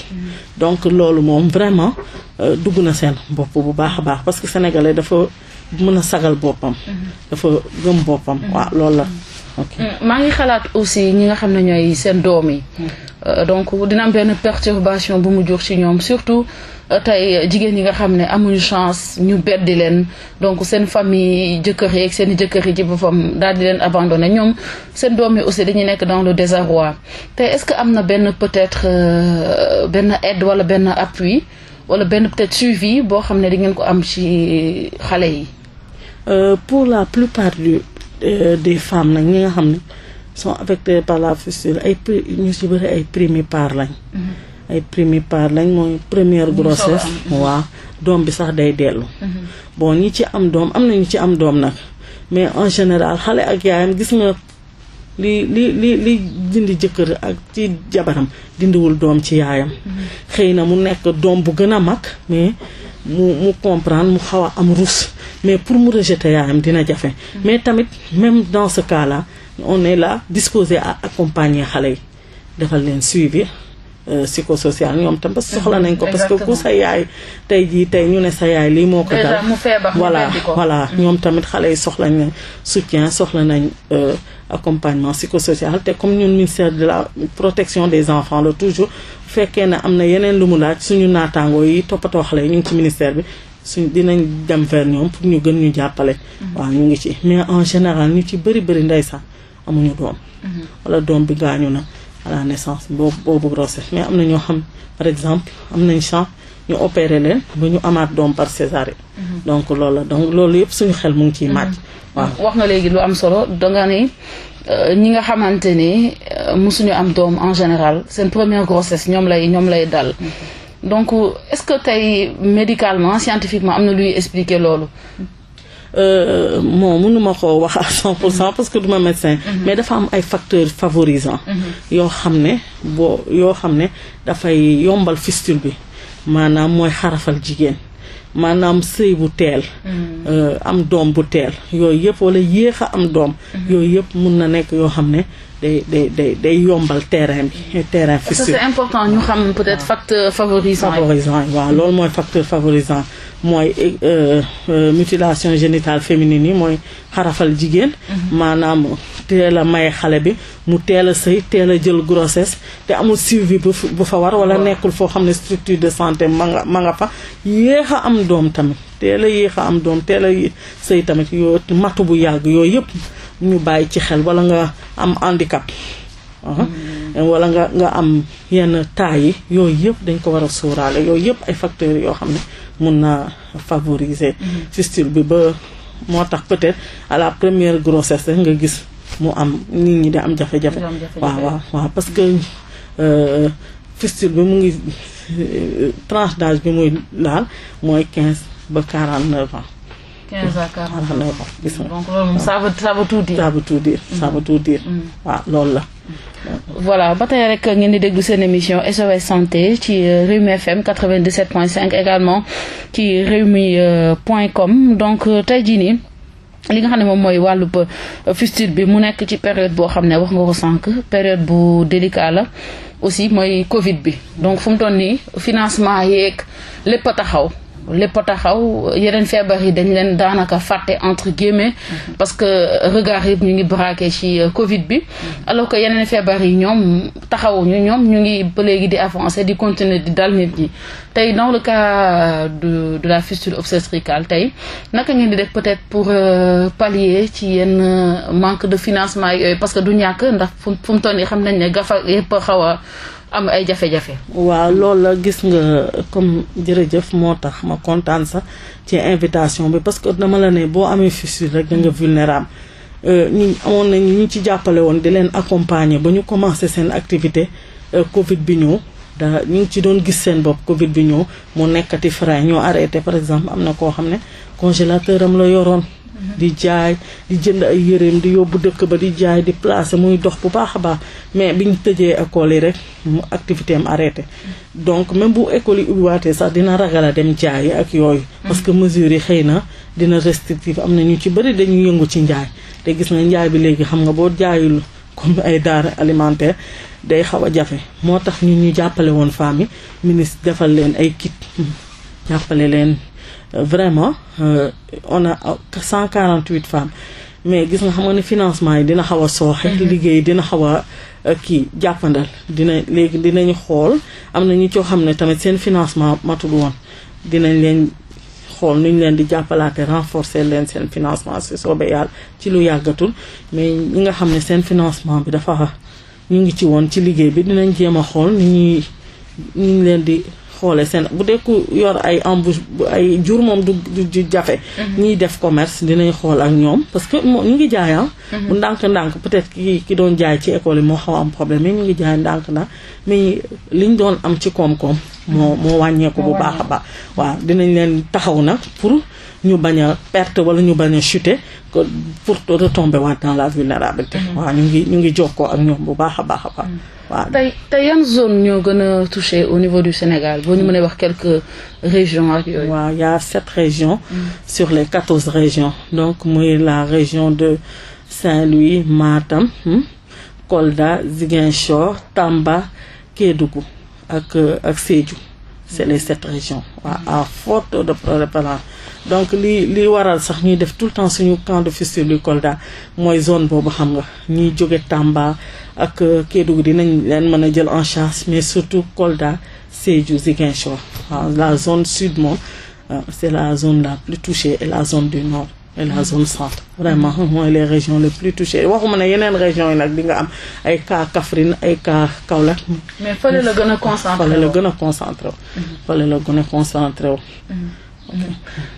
donc loolu moom vraiment euh, dugg na seen bopp bu baax a baax parce que sénégalais dafa mën a sagal boppam. dafa gëm boppam mhm. waaw loolu la. Mhm. Euh, maa ngi xalaat aussi ñi nga xam ne ñooy seen doom yi. Mhm. Euh, donc dina am benn perturbation bu mu jur ci ñoom surtout. tey jigéen yi nga xam ne amuñu chance ñu beddi leen donc seen famille jëkkër yi ak seen jëkkër yi ci boppam daal di leen abandonné ñoom seen doom yi aussi dañuy nekk dans le désarroi tey est-ce que am na benn peut-être euh, benn aide wala benn appui wala benn peut-être suivi boo xam ne di ngeen ko am ci xale yi. Euh, pour la plupart du euh, des femmes nag ñi nga xam ne sont affectées par la fistule ay ñu ci bëri ay primipare lañ. Mm-hmm. ay primipare lañ mooy première grossesse waa doom bi sax day dellu mm-hmm. bon ñi ci am doom am na ñu ci am doom nag mais en général xale ak yaayam gis nga li li li li dindi jëkkër ak ci jabaram dindiwul doom ci yaayam mm-hmm. xëy na mu nekk doom bu gën a mag mais mu mu comprendre mu xaw a am rus mais pour mu rejeter yaayam dina jafe mm-hmm. mais tamit même dans ce cas là on est là disposé à accompagner xale yi defal leen suivi Euh, psychosocial ñoom tam soxla nañ ko parce que ku sa yaay tey jii tey ñu ne sa yaay lii moo ko dal voilà voilà mm. ñoom tamit xale yi soxla nañ soutien soxla nañ euh, accompagnement psychosocial te comme ñun ministère de la protection des enfants la toujours fekkee ne am na yeneen lu mu laaj suñu naataangoo yi toppatoo xale yi ñu ngi ci ministère bi suñ dinañ dem vers ñoom pour ñu gën ñu jàppale mm. waaw ñu ngi ci mais en général ñu ci bëri bëri ndeysaan amuñu doom mm-hmm. à la naissance boobu boobu grossesse mais am na ñoo xam par exemple am nañ chance ñu opéré leen ba ñu amaat doom par césarienne. Mhm. donc loolu la donc loolu yëpp suñu xel mu ngi ciy màcc. Mhm. waaw wax na léegi lu am solo danga ne euh, ñi nga xamante ne euh, mosuñu am doom en général seen première grossesse ñoom lay ñoom lay dal. Mhm. donc est-ce que tey médicalement scientifiquement am na luy expliquer loolu. Euh, bon mënu ma koo wax a 100 pour cent parce que du ma médecin. Mhm. mais dafa am ay facteurs favorisant mhm. yoo xam ne boo yoo xam ne dafay yombal fistule bi maanaam mooy xarafal jigéen. maanaam sëy bu teel mhm. euh, am doom bu teel yooyu yëpp wala yéex a am doom yooyu yëpp mun na nekk yoo xam ne day day day day yombal terrain bi terrain fistule c'est important ñu xam peut-être facteur favorisant favorisant waaw loolu mooy facteur favorisant mooy euh, euh, mutilation génitale féminine yi mooy xarafal jigéen mhm. maanaam teel a may xale bi mu teel a sëy teel a jël grossesse te amul suivi bu fa war wala nekkul foo xam ne structure de santé ma nga ma nga fa yéex a am doom tamit teel a yéex a am doom teel a sëy tamit yoo matu bu yàgg yooyu yëpp ñu bàyyi ci xel wala nga am handicap ah, mm. wala nga nga am yenn taay yi yooyu yëpp dañ ko war a sóoraale yooyu yëpp ay facteurs yoo xam ne mun na favoriser fistule bi ba moo tax peut-être à la première grossesse rek nga gis mu am nit ñi di am jafe-jafe waaw waaw parce que euh, fistule bi mu ngi euh, tranche d'âge bi muy laal mooy quinze ba quarante neuf ans 15 à 49 ans gis nga donc tout dire. ça tout dire ça tout dire mm. waaw loolu la. voilà ba tey rek ngeen di déglu seen émission SOS santé ci euh, Rewmi FM 97.5 également ci rewmi.com euh, donc euh, tey jii nii. li nga xam ne moom mooy wàllub fistule bi mu nekk ci période boo xam ne wax nga ko sànq période bu délicat la aussi mooy Covid bi donc fu mu toll nii financement yeeg lépp a taxaw. lépp taxaw yeneen feebar yi dañ leen daanaka fàtte entre guillemets mhm. parce que euh, regar yëpp ñu ngi braqué ci euh, Covid bi mhm. alors que yeneen feebar yi ñoom taxawuñu ñoom ñu ngi ba léegi di avancé di continuer di dal nit ñi tey dans le cas de de la fistule obstétricale tey naka ngeen di def peut-être pour euh, pallier ci yenn manque de financement yooyu parce que du ñàkk ndax fu mu toll xam nañ ne gafa yëpp xaw am ay jafe-jafe. waaw loolu la gis nga comme jërëjëf moo tax ma kontaan sax ci invitation bi parce que dama la ne boo amee fistule rek da nga vulnérable. Euh, ñi amoon nañ ñu ci jàppale woon di leen accompagner ba ñu commencé seen activité euh, Covid bi ñëw da ñu ngi ci doon gis seen bopp Covid bi ñëw mu nekkati frein ñoo arrêté par exemple am na koo xam ne congélateur am la yoroon. di jaay di jënd ay yëreem di yóbbu dëkk ba di jaay di placer muy dox bu baax a baax mais biñ tëjee école yi rek mu activité am arrêté donc même bu école yi ubbiwaatee sax dina ragal a dem jaay ak yooyu parce que mesures yi xëy na dina restrictive am na ñu ci bëri dañuy yëngu ci njaay te gis na njaay bi léegi xam nga boo jaayul comme ay daar alimentaire day xaw a jafe moo tax ñu ñu jàppale woon femmes yi ministre defal leen ay kit jàppale leen vraiment euh, on a 148 femmes mais gis nga xam nga ne financement yi dina xaw a sooxe mhm. liggéey dina xaw a euh, kii jàppandal dina léegi dinañu xool am na ñi coo xam ne tamit seen financement matul woon dinañ leen xool nu ñu leen di jàppalaate renforcer leen seen financement si soobee yàlla ci lu yàggatul mais ñi nga xam ne seen financement bi dafa ñu ngi ci woon ci liggéey bi dinañ jéem a xool ni ñuy ñu leen di xoolee seen bu dee ku yor ay embouche ay jur moom du du jafe. Mhm. ñiy def commerce dinañ xool ak ñoom parce que moom ñu ngi jaay ah. Mhm. bu ndànk-ndànk peut-être ki ki doon jaay ci école yi moo xaw am problème mais ñu ngi jaay ndànk-ndànk mais liñ doon am ci koom-koom. moo wàññeeku bu baax a baax. dinañ leen taxaw nag pour. ñu bañ a perte wala ñu bañ a chuter pour retomber waat dans la vulnérabilité. Mm-hmm. waaw ñu ngi ñu ngi jokkoo ak ñoom bu baax a baax a baax. Mm-hmm. waaw tey yan zone ñoo gën a touché au niveau du Sénégal boo ñu mënee wax quelques régions ak yooyu. waaw y a sept régions. Mm-hmm. sur les quatorze régions. donc muy la région de Saint-Louis Matam hmm, Kolda Ziguinchor Tamba Kédougou ak euh, ak Sédhiou. c'est les sept régions. à forte de prépondérance donc lii li waral sax ñuy def tout le temps suñu camp de fistule du Kolda mooy zone boobu xam nga ñiy jóge Tamba ak euh, Kédougou dinañ leen mën a jël en charge mais surtout Kolda Sédhiou Ziguinchor waaw la zone sud moom euh, c'est la zone la plus touchée et la zone du nord et la zone centre vraiment *laughs* mooy les régions les plus touchées waxuma na yeneen régions yi nag di nga am ay cas Kaffrine ay cas Kaolack. mais fële la gën a concentré wu mhm. la gën a concentré wu. fële la gën a concentré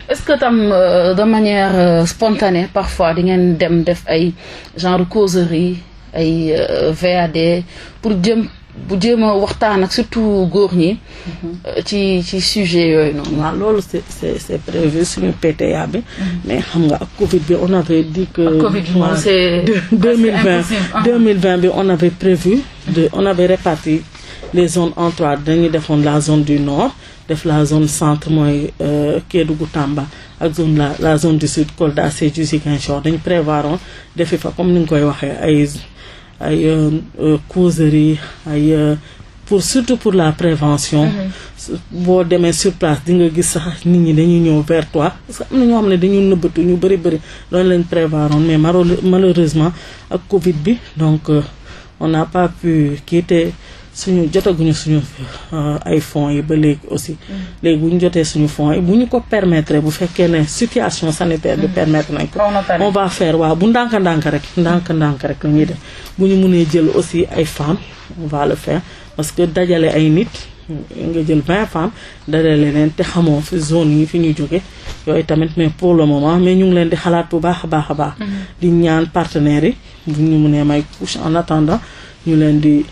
est-ce que tam euh, de manière euh, spontanée parfois di ngeen dem def ay genre causerie ay euh, VAD pour jëm bu jéem waxtaan ak surtout góor ñi. ci ci sujet yooyu noonu. waaw loolu c' est c' est prévu PTA bi. Mhm. mais xam nga ak Covid bi on avait dit que. ak Covid bi bi on avait prévu. de on avait réparti les zones en trois dañuy defoon la zone du nord. def la zone centre mooy euh, Kédougou Tamba ak zone la la zone du sud Kolda Sédhiou Ziguinchor dañ prévoir on defi fa comme ni nga koy waxee ay ay euh, euh, causerie ay pour surtout pour la prévention. Mm-hmm. boo demee sur place di nga gis sax nit ñi dañuy ñëw vers toi parce que am na ñoo xam ne dañu nëbbatu ñu bëri bëri loolu lañ prévoir on mais malheureusement ak Covid bi donc on n'a pas pu quitter. suñu jotaguñu suñu euh, ay fonds yi ba léegi aussi. Mm-hmm. léegi bu ñu jotee suñu fonds yi bu ñu ko permettre bu fekkee ne situation sanitaire bi mm-hmm. permettre nañ ko. on va faire waaw bu ndànk ndànk rek ndànk ndànk rek la ñuy bu ñu mënee jël aussi ay femmes on va le faire parce que dajale ay nit. nga jël vingt femmes dara leneen te xamoo fi zone yi fi ñu jóge yooyu tamit mais pour le moment mais ñu ngi leen di xalaat bu baax a baax a baax. Mm-hmm. di ñaan partenaire yi bu ñu mënee may couche en attendant ñu leen di.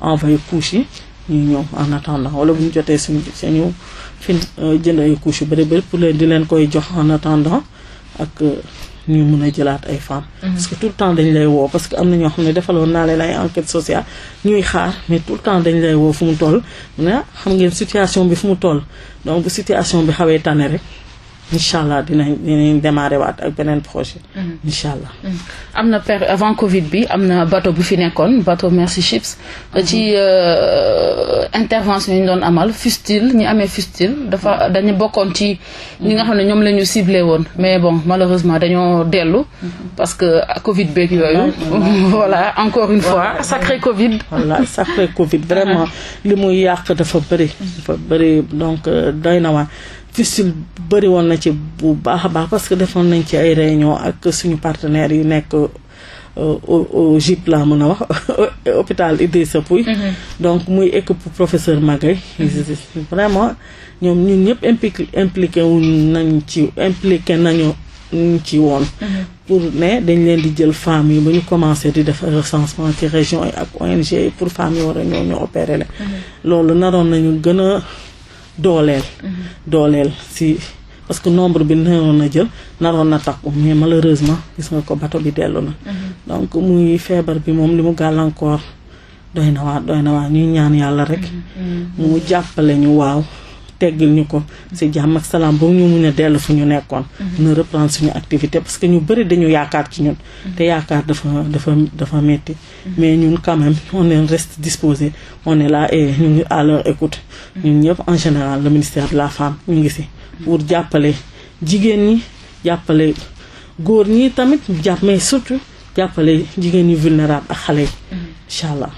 envoyé couche yi ñuy ñëw en attendant wala bu ñu jotee suñu sañu fin euh, jënd ay couche yu bëri bëri pour leen di leen koy jox en attendant ak euh, ñu mun a jëlaat ay femmes mhm. parce que tout le temps dañ lay woo parce que am na ñoo xam ne defaloon naa leen ay enquête sociale ñuy xaar mais tout le temps dañ lay woo fu mu toll mu ah, xam ngeen situation bi fu mu toll donc situation bi xawee tane rek incha allah dinañ dinañ démarrer waat ak beneen projet. Mm-hmm. incha allah. Mm-hmm. am na per avant Covid bi am na bateau bu fi nekkoon bato Mercy Ships. Mm-hmm. ci euh, intervention yi ñu doon amal fustile ñu amee fustile dafa dañu bokkoon ci ñi nga xam ne ñoom lañu ñu woon mais bon malheureusement dañoo dellu. parce que Covid beek yooyu. *laughs* voilà encore une fois sacré Covid. voilà sacré Covid vraiment *laughs* li muy yàq dafa bëri. dafa bëri donc euh, doy na waa fistule bëri woon na ci bu baax a baax parce que defoon nañ ci ay réunion ak suñu partenaires yu nekk euh, au GIP laa mën a wax *laughs* hôpital Idrissa Pouye mm-hmm. donc muy équipe professeur Magaye mm-hmm. vraiment ñoom ñun ñëpp impliqué impliqué wu nañ ci impliqué nañu ñu ci woon mm-hmm. pour ne dañ leen di jël femmes yi ba ñu commencé di def recensement ci région yi ak ONG yi pour femmes yi war a ñoo ñu opéré la loolu naroon nañu gën a dooleel mhm. dooleel si parce que nombre bi naroon na jël naroon na takku mais malheureusement gis nga ko bato bi dellu na mhm. donc muy feebar bi moom li mu gàllankoor doy na waar doy na waar ñuy ñaan yàlla rek mhm. mu jàppale ñu waaw teggil ñu ko si jàmm ak salaam ba ñu mun a dellu fu ñu nekkoon mhm. na reprendre suñu activité parce que ñu bëri dañu yaakaar ci ñun mhm. te yaakaar dafa dafa dafa metti mhm. mais ñun quand même on est reste disposé on est là ñu ngi à leur écoute ñun ñëpp en général le ministère de la femme ñu ngi si pour jàppale jigéen ñi jàppale góor ñi tamit jàpp mais surtout jàppale jigéen ñi vulnérable ak xale yi incha allah.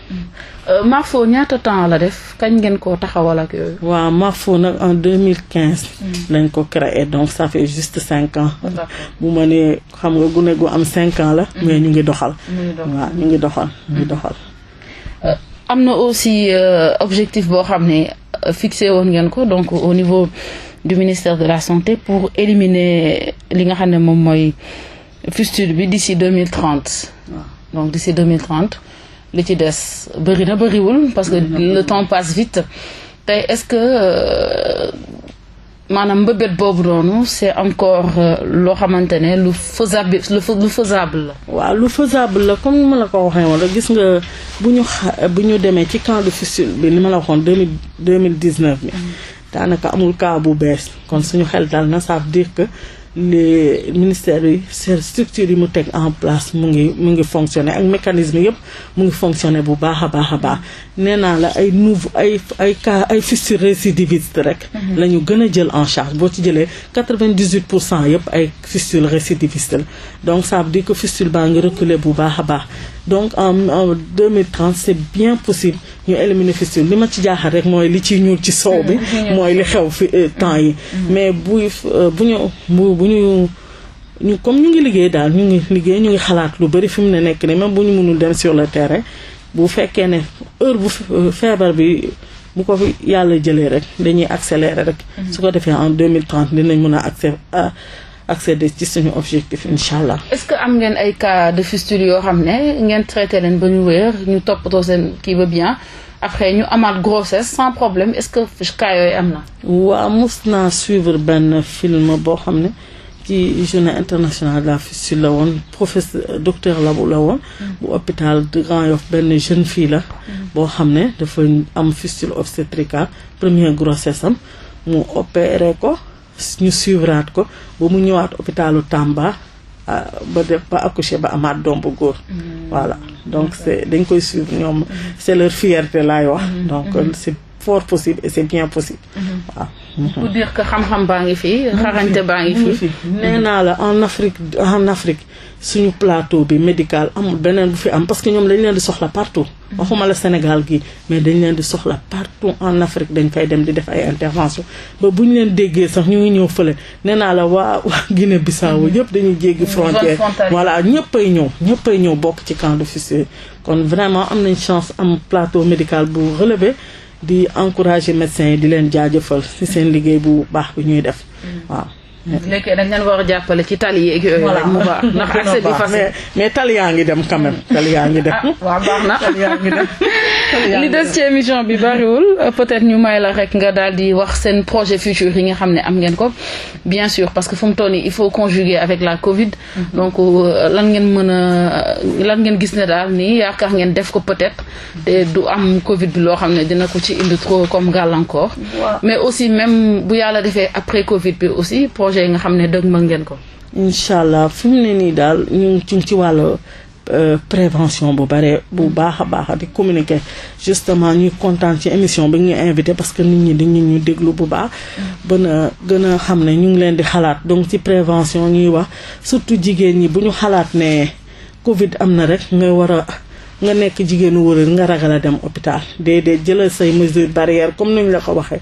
Euh, Marfo ñaata temps la def kañ ngeen ko taxawal ak yooyu. waaw Marfo nag en 2015. Mm. lañ ko créé donc sa fait juste cinq ans. bu ma nee xam nga gune gu am cinq ans la. Mm. mais ñu ngi doxal. waaw ñu ngi doxal ñu ngi mm. doxal. Euh, am na aussi euh, objectif boo xam ne fixé woon ngeen ko donc au niveau du ministère de la santé pour éliminer li nga xam ne moom mooy fistule bi d'ici 2030. donc d'ici 2030. li ci des bëri na bëriwul parce que le temps passe vite tey est-ce que euh, maanaam mbëbët boobu noonu c'est encore euh, loo xamante ne lu faisable lu faisable la. waaw lu faisable la comme ni ma la ko waxee woon rek gis nga bu ñu xa bu ñu demee ci camp de fistule bi li ma la waxoon deux mille deux mille dix-neuf bi mm. daanaka amul cas bu bees kon suñu xel dal na ça veut dire que. les ministère yi seen structures yi mu teg en place mu ngi mu ngi fonctionner ak mécanisme yëpp mu ngi fonctionner bu baax a baax a baax nee naa la ay nouveau ay ay cas ay fistule récidiviste rek mhm. lañu ñu gën a jël en charge boo ci jëlee quatre-vingt-dix-huit pour cent yëpp ay fistule récidiviste la donc ça veut dire que fistule baa ngi reculer bu baax a baax donc en en 2030 c' est bien possible ñu éliminer fistule li ma ci jaaxal rek mooy li ciy ñuul ci soow bi *laughs* mooy li xew fi euh, temps yi mhm. mais bu euh, bu ñu bu bu ñu ñu comme ñu ngi liggéey daal ñu ngi liggéey ñu ngi xalaat lu bëri fi mu ne nekk ne même bu ñu mënul dem sur le terrain bu fekkee ne heure bu euh, feebar bi bu ko fi yàlla jëlee rek dañuy accélérer rek mhm. su ko defee en 2030 dinañ mën a accès accéder ci suñu objectif incha allah. est-ce que am ngeen ay cas de fistule yoo xam ne ngeen traité leen ba ñu wéer ñu toppatoo seen kii ba bien après ñu amaat grossesse sans problème est-ce que cas yooyu am na. waaw mos naa suivre benn film boo xam ne. ci journée internationale de la fistule la woon professeur docteur Labou la woon. bu hôpital de Grand Yoff benn jeune fille la. boo xam ne dafa am fistule obstétricale première grossesse am mu opéré ko. ñu suivraat ko ba mu ñëwaat hôpitalu Tamba ah, ba def ba accoucher ba amaat doom bu góor mm. voilà donc c'est dañ koy suivre ñoom c'est leur fierté laay wax mm. donc mm. c'est fort possible et c'est bien possible mhm. waaw pour dire que xam-xam baa ngi fii xarañte baa ngi fi nee naa la en Afrique en Afrique suñu plateau bi médical amul beneen bu fi am parce que ñoom dañ leen di soxla partout mhm. waxuma la Sénégal gi mais dañ leen di soxla partout en Afrique dañ fay dem di def ay intervention ba bu ñu leen déggee sax ñu ngi ñëw fële nee naa la waa waa Guinée Bissau yëpp mhm. dañuy jéggi frontière voilà ñëppay ñëw ñëppay ñëw bokk ci camp de fusée kon vraiment am nañ chance am plateau médical bu relevé di encourager médecins yi di leen jaajëfal ci seen liggéey bu baax bi ñuy def mm. waaw nekkee dañ leen war a jàppale ci tali yeeg yooyu rek mu baax *laughs* ndax accès bi facile mais tali ngi dem quand même ngi dem ah, *laughs* li des ci émission bi bariwul peut-être ñu may la rek nga daal di wax seen projet futur yi nga xam ne am ngeen ko bien sûr parce que fu mu toll nii il faut conjuguer avec la Covid mhm. donc euh, lan ngeen mën a lan ngeen gis ne daal nii yaakaar ngeen def ko peut te du am Covid bi loo xam ne dina ko ci indi trop comme gàllankoor mais aussi même bu yàlla projet yi nga xam ne dëgg ma ngeen ko. incha allah fi mu ne nii daal ñu ngi ci wàllu euh, prévention bu bare bu baax a baax di communiquer justement ñuy kontaan ci émission bi ñu invité parce que nit ñi dañu ñu déglu bu baax. ba na gën a xam ne ñu ngi leen di xalaat donc ci prévention ñuy wax surtout jigéen ñi bu ñu xalaat ne Covid am na rek nga war a. nga nekk jigéenu wërër nga ragal a dem hôpital déedéet jëlal say mesures barrières comme ni ñu la ko waxee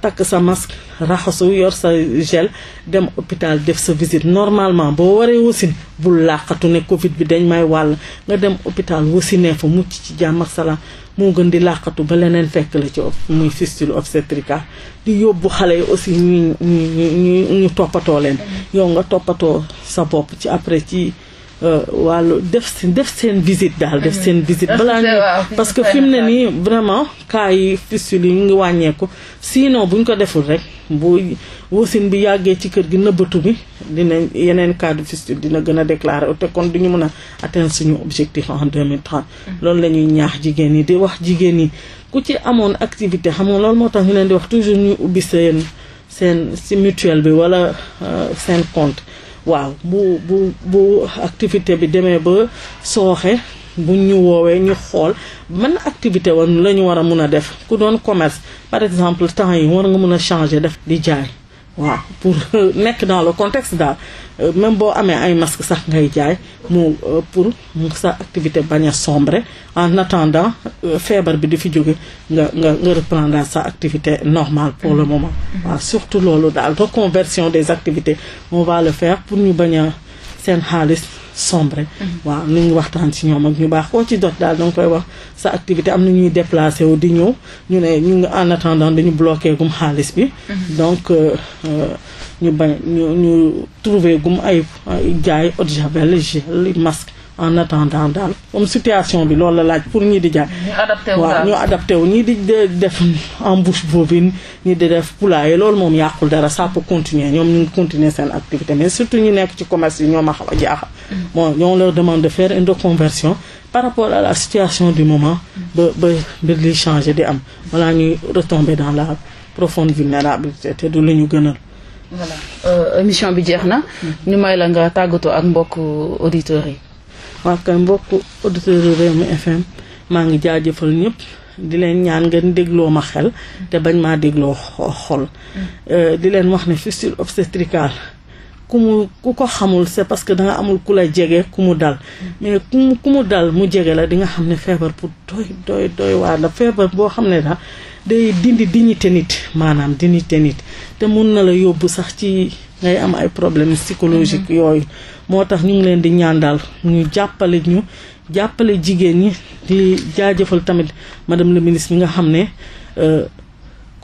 takk sa masque raxasu yor sa gel dem hôpital def sa visite normalement boo waree wasin bul làqatu ne covid bi dañ may wàll nga dem hôpital wasinee fa mucc ci jàmm ak salaam moo gën di làqatu ba leneen fekk la ci muy fistule obstétrica di yóbbu xale yi aussi ñu ñu ñu toppatoo leen mm-hmm. yow nga toppatoo sa bopp ci après ci Euh, wàllu def seen def seen visite daal def seen visite mm-hmm. balaa *laughs* ñu parce que fi ne nii vraiment cas yi fistule yi ngi wàññeeku sinon ñu ko deful rek bu wasin bi yàggee ci kër gi nëbbatu bi dinañ yeneen cas de fistule dina gën a déclaré te kon duñu mën a atteindre suñu objectif en 2030 mm-hmm. loolu la ñuy ñaax jigéen yi di wax jigéen yi ku ci amoon activité xam nga loolu moo tax ñu leen di wax toujours ñuy ubbi seen seen si mutuelle bi wala euh, seen compte waaw bu bu bu activité bi demee ba sooxee bu ñu woowee ñu xool man activité woon la ñu war a mun a def ku doon commerce par exemple temps yi war nga mun a changer def di jaay waaw pour *laughs* nekk dans le contexte daal Euh, même boo amee ay masque sax ngay jaay mu euh, pour sa activité bañ a sombre en attendant euh, feebar bi di fi jóge nga nga nga reprendre sa activité normale pour le moment waaw surtout loolu daal reconversion des activités on va le faire pour ñu bañ a seen xaalis sombre waaw nu ñu waxtaan ci ñoom ak ñu baax koo ci jot daal danga koy wax sa activité am na ñuy déplacé wu di ñëw ñu ne ñu ngi en attendant dañu bloqué gum xaalis bi mhm. donc ñu bañ ñu ñu trouver gum ay jaay eau de javel gel masque en attendant daal comme situation bi loolu la laaj pour ñii di jaay waaw ñu adapté wu ñii di def embouche bovine ñu di def poulailler loolu moom yàqul dara ça peut continuer ñoom ñu ngi continuer seen activité mais surtout ñu nekk ci commerce yi ñoom ma xaw jaaxal mm. bon ñoo leur demande de faire une reconversion par rapport à la situation du moment ba ba ba li changer di am wala ñuy retomber dans la profonde vulnérabilité te du lu ñu gënal voilà euh, émission bi jeex na. Hmm. ñu may la nga tàggatoo ak mbokk auditeurs yi. waaw kay mbokk auditeurs yi Rewmi FM maa ngi jaajëfal ñëpp di leen ñaan ngeen dégloo ma xel te bañ maa dégloo xol. Hmm. Euh, di leen wax ne fistule obstétricale ku mu ku ko xamul c'est parce que danga amul ku la jege ku mu dal hmm. mais ku mu ku mu dal mu jege la di nga xam ne feebar pour doy doy doy waar la feebar boo xam ne da day dindi dignité nit maanaam dignité nit. te mun na la yóbbu sax ci ngay am ay problèmes psychologiques mhm. yooyu moo tax ñu ngi leen di ñaan daal ñu jàppale ñu jàppale jigéen ñi di jaajëfal tamit madame le ministre mi nga xam ne euh,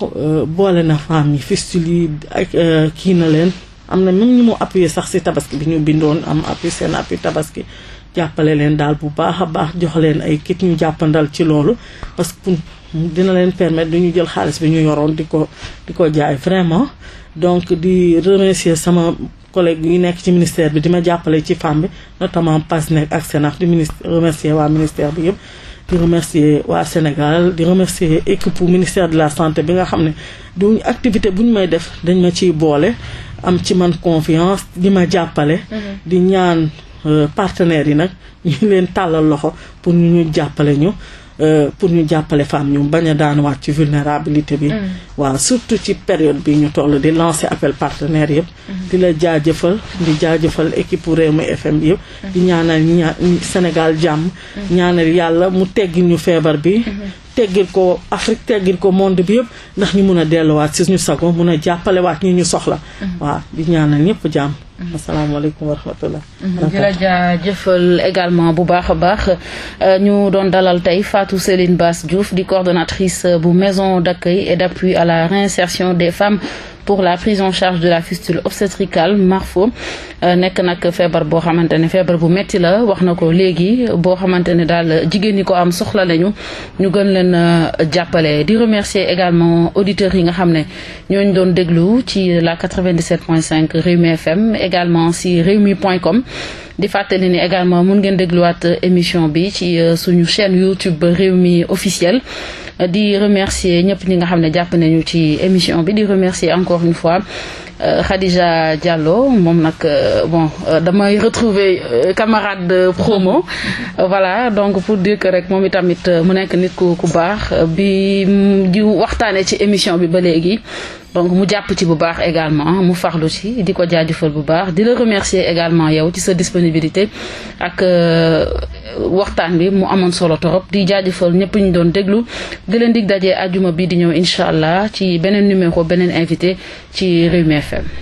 euh, boole na femme yi fistule yi ak euh, kii na leen am na même ñu mu appuyé sax si tabaski bi ñu bindoon am appui seen appui tabaski jàppale leen daal bu baax a baax jox leen ay kit ñu jàppandal ci loolu parce que dina leen permettre du ñu jël xaalis bi ñu yoroon di ko di ko jaay vraiment donc di remercier sama collègue yi nekk ci ministère bi di ma jàppale ci femme bi notamment PASNEC ak SENAF di ministre remercier waa ministère bi yëpp di remercier waa Sénégal di remercier équipe ministère de la santé bi nga xam ne duñu activité bu ñu may def dañ ma ciy boole am ci man confiance di ma jàppale mm-hmm. di ñaan euh, partenaires yi nag ñu leen tàllal loxo pour ñu ñu jàppale ñu Euh, pour ñu jàppale femme ñu bañ a waat ci vulnérabilité bi. Mm. waaw surtout ci période bi ñu toll di lancer appel partenaire yëpp. Mm. di la jaajëfal di jaajëfal équipe Rewmi FM bi yëpp. Mm. di ñaanal ña Sénégal jàmm. ñaanal yàlla mu teggil ñu feebar bi. Mm-hmm. teggil ko Afrique teggil ko monde bi yëpp ndax ñu mun a delluwaat si suñu sago mun a jàppalewaat ñi ñu soxla. Mm-hmm. waaw di ñaanal ñëpp jàmm. Mm-hmm. asalaamaaleykum wa rahmatulah. di mm-hmm. la jaajëfal également bu baax a baax euh, ñu doon dalal tey Fatou Seyline Bass Diouf di coordonnatrice bu maison d'accueil et d'appui à la réinsertion des femmes. pour la prise en charge de la fistule obstétricale Marfo euh, nekk nag feebar boo xamante ne feebar bu metti la wax na ko léegi boo xamante ne daal jigéen ñi ko am soxla nañu ñu gën leen jàppale di remercier également auditeurs yi nga xam ne ñooñu doon déglu ci la 97.5 Rewmi FM également si rewmi.com di fàttali ni également mun ngeen dégluwaat émission bi ci euh, suñu chaîne YouTube mi officiel di remercier ñëpp ñi nga xam ne jàpp nañu ci émission bi di remercier encore une fois euh, Khadija Diallo moom nag euh, bon damay retrouver camarade de promo *laughs* voilà donc pour dire que rek moom itamit mu nekk nit ku ku baax bi di waxtaane ci émission bi ba léegi donc mu jàpp ci bu baax également ah, mu farlu ci di ko jaajëfal bu baax di la remercier également yow ci sa disponibilité ak euh, waxtaan bi mu amoon solo torop di jaajëfal ñëpp ñu doon déglu di leen dig dajee ajuma bi di ñëw incha allah ci beneen numéro beneen invité ci Rewmi FM